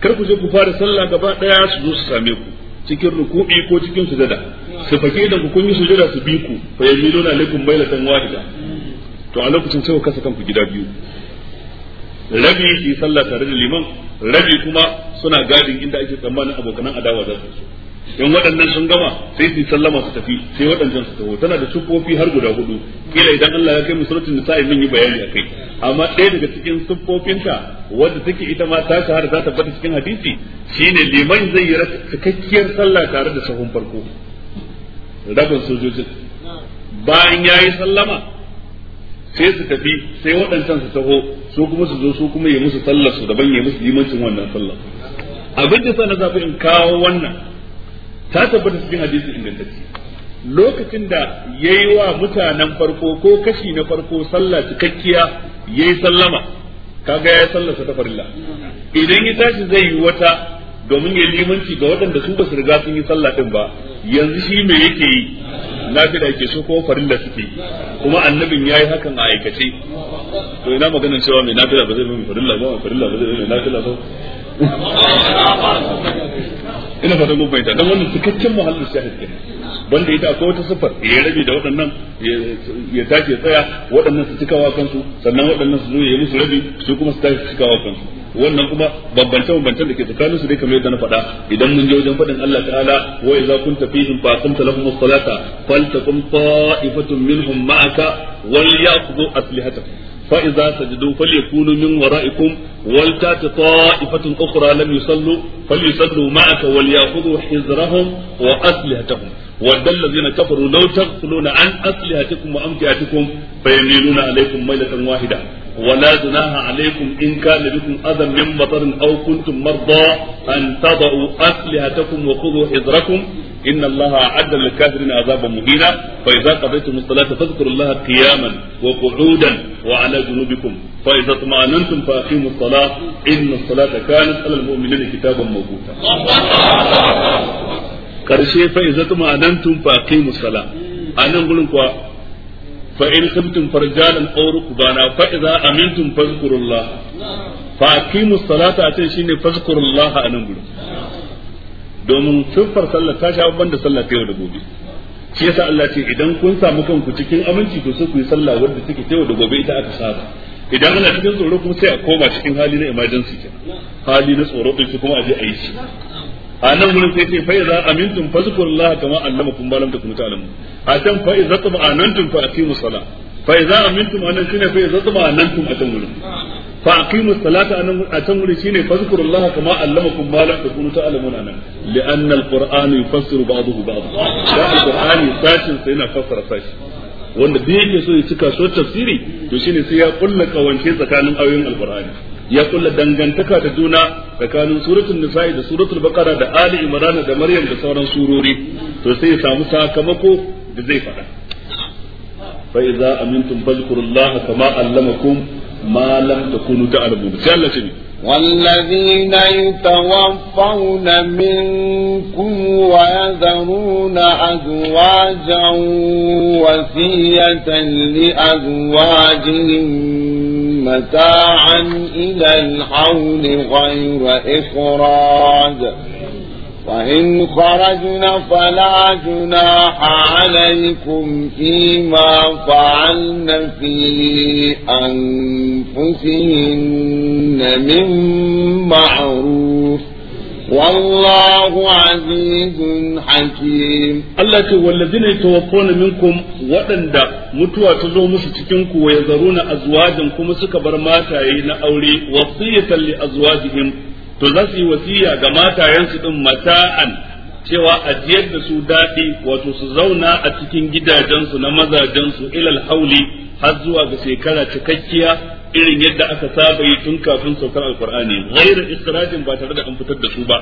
kar ku je ku fara sallah gaba daya su zo su same ku cikin ruku'i ko cikin sujada su fake da ku kun yi sujada su bi ku fa yamiluna alaikum bailatan wahida to a lokacin sai ku kasa kanku gida biyu rabi shi sallah tare da liman rabi kuma suna gadin inda ake tsammanin abokanan adawa za su Yan waɗannan sun gama sai su sallama su tafi sai waɗancan su taho tana da sufofi har guda hudu kila idan Allah ya kai mu suratul nisa mun yi bayani akai amma ɗaya daga cikin sufofinta wanda take ita ma ta shahara za ta tabbata cikin hadisi shine liman zai yi cikakkiyar sallah tare da sahun farko rabin sojojin bayan yayi sallama sai su tafi sai waɗancan su taho su kuma su zo su kuma yi musu sallar su daban yi musu limancin wannan sallah abin da sa na zaɓi in kawo wannan ta tabbata cikin hadisi ingantacce lokacin da yayi wa mutanen farko ko kashi na farko sallah cikakkiya yayi sallama kaga ya sallarsa ta farilla idan ya tashi zai yi wata domin ya limanci ga waɗanda su ba su riga sun yi sallah din ba yanzu shi me yake yi nafila yake so ko farilla suke kuma annabin yayi hakan a aikace to ina maganar cewa mai nafila ba zai bi farilla ba farilla ba zai bi nafila ba ina fata mun fahimta dan wannan cikakken muhallin shahid ne banda ita akwai wata sifar ya rabi da waɗannan ya tashi tsaya waɗannan su cikawa kansu sannan waɗannan su zo ya yi musu rabi su kuma su tashi su cikawa kansu wannan kuma bambance bambancen da ke tsakanin su dai kamar yadda na faɗa idan mun je wajen faɗin Allah ta'ala wa idza kunta fihim fa aqimta lahum as-salata fal taqum ta'ifatun minhum ma'aka wal yaqdu aslihatakum fa'iza. idza sajadu falyakunu min wara'ikum wal tati ta'ifatun ukhra lam yusallu falyusallu ma'aka wal ya'khudhu الذين كفروا لو تغفلون عن أسلحتكم وأمتعتكم فيميلون عليكم ميلة واحدة ولا جناح عليكم إن كان بكم أذى من مطر أو كنتم مرضى أن تضعوا أسلحتكم وخذوا حذركم إن الله أعد للكافرين عذابا مهينا فإذا قضيتم الصلاة فاذكروا الله قياما وقعودا وعلى جنوبكم فإذا اطمأننتم فأقيموا الصلاة إن الصلاة كانت على المؤمنين كتابا موقوتا karshe fa izatu ma'anantum fa aqimus sala anan gurin kuwa fa in kuntum farjalan aw rukbana fa idza amintum fazkurullah fa aqimus salata a ce shine fazkurullah a nan domin siffar sallar ta sha banda sallar ta yau da gobe shi yasa Allah ce idan kun samu kanku cikin aminci to sai ku yi sallah wadda take ta yau da gobe ita aka saba idan ana cikin tsoro kuma sai a koma cikin hali na emergency kenan hali na tsoro din kuma a je a yi shi a nan gurin sai ce fa iza amintum fazkurullaha kama allamakum ma lam takunu ta'lamun a can fa iza tuma'anantum fa aqimus salah fa iza amintum anan shine fa iza tuma'anantum a can gurin fa aqimus salata anan a can gurin shine fazkurullaha kama allamakum ma lam takunu ta'lamun anan li'anna alqur'ana yufassiru ba'dahu ba'd da alqur'ani sashin sai yana fassara sashi wanda duk yake so ya cika so tafsiri to shine sai ya kullaka wance tsakanin ayoyin alqur'ani ya kulla dangantaka da juna tsakanin suratul nisa'i da suratul baqara da ali imran da maryam da sauran surori to sai ya samu sakamako da zai faɗa fa idza amintum fadhkurullaha kama allamakum ma lam takunu ta'lamun sai Allah والذين يتوفون منكم ويذرون أزواجا وسية لأزواجهم متاعا إلى الحول غير إخراج وإن خرجنا فلا جناح عليكم فيما فعلن في أنفسهن من معروف والله عزيز حكيم التي والذين يتوفون منكم وأن mutuwa ta zo musu cikin ku wa yazaruna azwajin kuma suka bar mataye na aure wasiyatan li azwajihim to za su yi wasiya ga matayensu din mata'an cewa ajiyar da su daɗi wato su zauna a cikin gidajensu na mazajensu ilal hauli har zuwa ga shekara cikakkiya irin yadda aka saba yi tun kafin saukar alkur'ani ghairu israjin ba tare da an fitar da su ba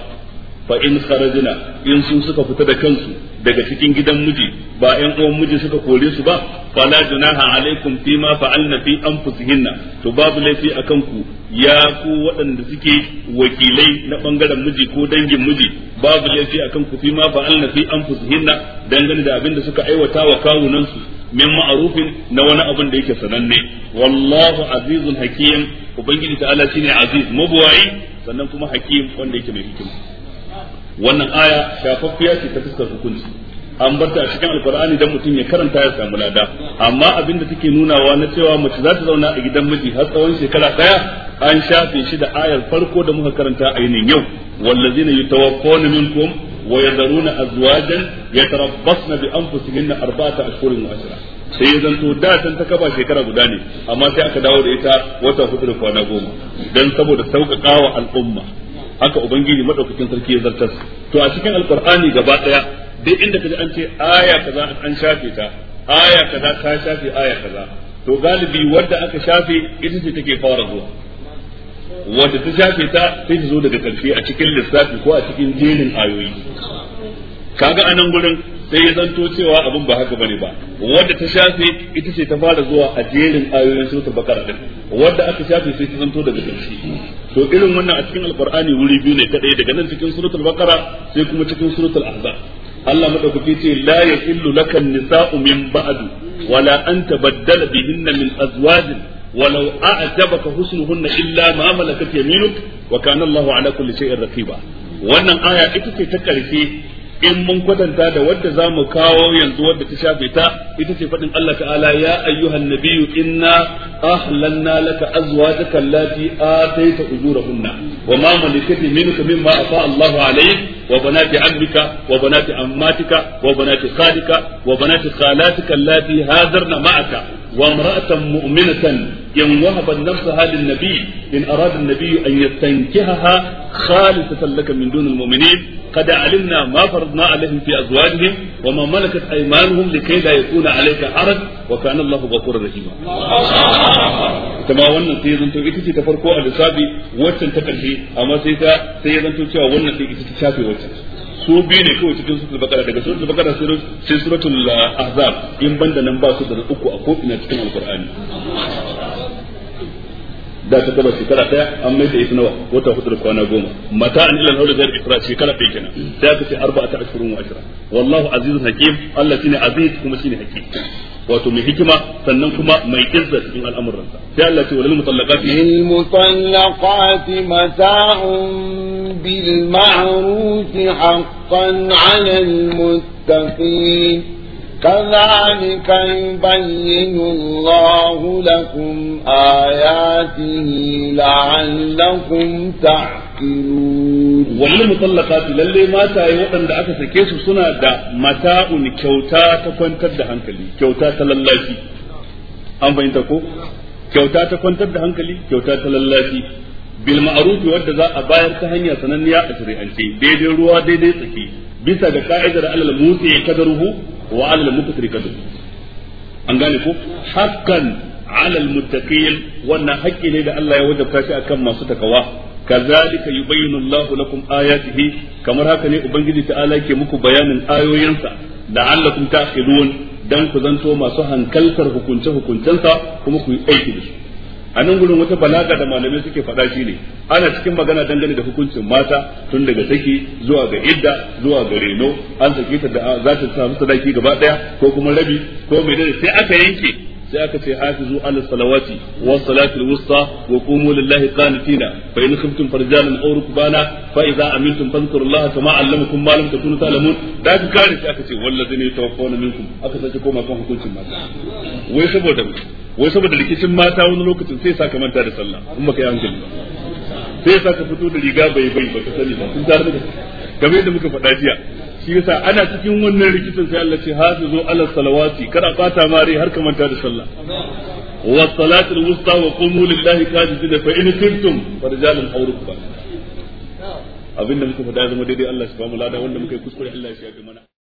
fa in kharajna in su suka fita da kansu daga cikin gidan miji ba ƴan uwan miji suka kore su ba fala junaha alaikum fi ma fa'alna fi anfusihinna to babu laifi akan ku ya ku waɗanda suke wakilai na bangaren miji ko dangin miji babu laifi akan ku fi ma fa'alna fi anfusihinna dangane da abin da suka aiwata wa kawunan su min ma'arufin na wani abin da yake sananne wallahu azizun hakim ubangiji ta'ala shine aziz mabawai sannan kuma hakim wanda yake mai hikima wannan aya shafaffiya ce ta fuskar hukunci an bar ta a cikin alkur'ani dan mutum ya karanta ya samu lada amma abinda take nunawa na cewa mace za ta zauna a gidan miji har tsawon shekara daya an shafe shi da ayar farko da muka karanta a yinin yau wallazina yutawaffawna minkum wa yadharuna azwajan yatarabbasna bi anfusihinna arba'ata ashhurin wa ashra sai ya zanto da can ta kaba shekara guda ne amma sai aka dawo da ita wata hudu da kwana goma dan saboda sauƙaƙawa al'umma haka ubangiji madaukakin sarki ya zartas to a cikin alqur'ani gaba daya duk inda kaji an ce aya kaza an shafe ta aya kaza ta shafe aya kaza to galibi wanda aka shafe ita ce take fara zuwa wanda ta shafe ta sai ta zo daga karshe a cikin lissafi ko a cikin jerin ayoyi kaga anan gurin sai ya zanto cewa abin ba haka bane ba wadda ta shafe ita ce ta fara zuwa a jerin ayoyin suratul baqara din wadda aka shafe sai ta zanto daga ƙarshe to irin wannan a cikin alqur'ani wuri biyu ne kadai daga nan cikin suratul baqara sai kuma cikin suratul ahzab Allah madaukaki ce la yahillu lakan nisa'u min ba'du wala an tabaddala bihinna min azwajin ولو أعجبك حسنهن إلا ما ملكت يمينك وكان الله على كل شيء رقيبا wannan aya ita ce ta ƙarshe in mun kwatanta da wadda za mu kawo yanzu wadda ta shafe ta ita ce faɗin Allah ta'ala ya ayyuhan nabiyyu inna ahlanna laka azwajaka allati ataita ujurahunna wa ma malakat minka mimma afa Allah alayk wa banati abdika wa banati ammatika wa banati khalika wa banati khalatika allati hadarna ma'aka وامرأة مؤمنة إن وهبت نفسها للنبي إن أراد النبي أن يستنكهها خالصة لك من دون المؤمنين قد علمنا ما فرضنا عليهم في أزواجهم وما ملكت أيمانهم لكي لا يكون عليك حرج وكان الله غفورا رحيما كما wannan sai zanto ita ce ta farko a lissafi waccan ta ƙarshe amma sai ta sai zanto cewa wannan sai ita ta shafe waccan Ko biyu ne kawai cikin suratul baqara daga suratul baqara sai suratul ah, ahzab in banda nan ba su da uku a ko ina cikin alqur'ani da ta gaba shekara daya an mai da ita nawa wata hudu da kwana goma mata an ilal haula zai ikra shekara ɗaya kenan sai aka ce arba'ata ashhurun wa ashra wallahu azizun hakim Allah shine aziz kuma shine hakim wato mai hikima sannan kuma mai izza cikin al'amuransa sai Allah ce walil mutallaqati lil mutallaqati mata'un بالمعروف حقا على المتقين كذلك يبين الله لكم آياته لعلكم تعقلون والمطلقات للي ما تاي وطن دا أكا سكيسو سنة دا متاع كوتا تكون تد هنكلي كوتا تلالاتي أم فإنتكو كوتا تكون تد هنكلي كوتا تلالاتي bil ma'ruf wadda za a bayar ta hanya sananniya a shari'ance daidai ruwa daidai tsaki bisa ga ka'idar alal musi kadaruhu wa alal muktir kadaruhu an gane ko hakkan alal muttaqin wannan haƙƙi ne da Allah ya wajabta shi akan masu takawa kazalika yubayyinu Allahu lakum ayatihi kamar haka ne ubangiji ta'ala ke muku bayanin ayoyinsa la'allakum ta'qilun dan ku zanto masu hankaltar hukunce hukuncensa kuma ku yi aiki da su a nan gurin wata balaga da malamai suke faɗa shi ne ana cikin magana dangane da hukuncin mata tun daga saki zuwa ga idda zuwa ga reno an saki ta da za ta samu sadaki gaba daya ko kuma rabi ko mai da sai aka yanke sai aka ce hafizu ala salawati wa salatul wusta wa qumu lillahi qanitina fa in khiftum farjalan aw rukbana fa idza amintum fadhkurullaha kama allamakum ma lam takunu ta'lamun da ka kare sai aka ce wallazina yatawaffawna minkum aka sace koma kan hukuncin mata wai saboda wai saboda rikicin mata wani lokacin sai sa ka manta da sallah in baka yi hankali sai sa ka fito da riga bai bai baka sani ba sun tare da game yadda muka faɗa jiya shi yasa ana cikin wannan rikicin sai Allah ce hafizu ala salawati kada bata mare har ka manta da sallah wa salatu alwusta wa qumu lillahi qadidin fa in kuntum farjalan aw rukba abinda muka faɗa zama daidai Allah subhanahu wa ta'ala wanda muka yi kuskure Allah ya shafe mana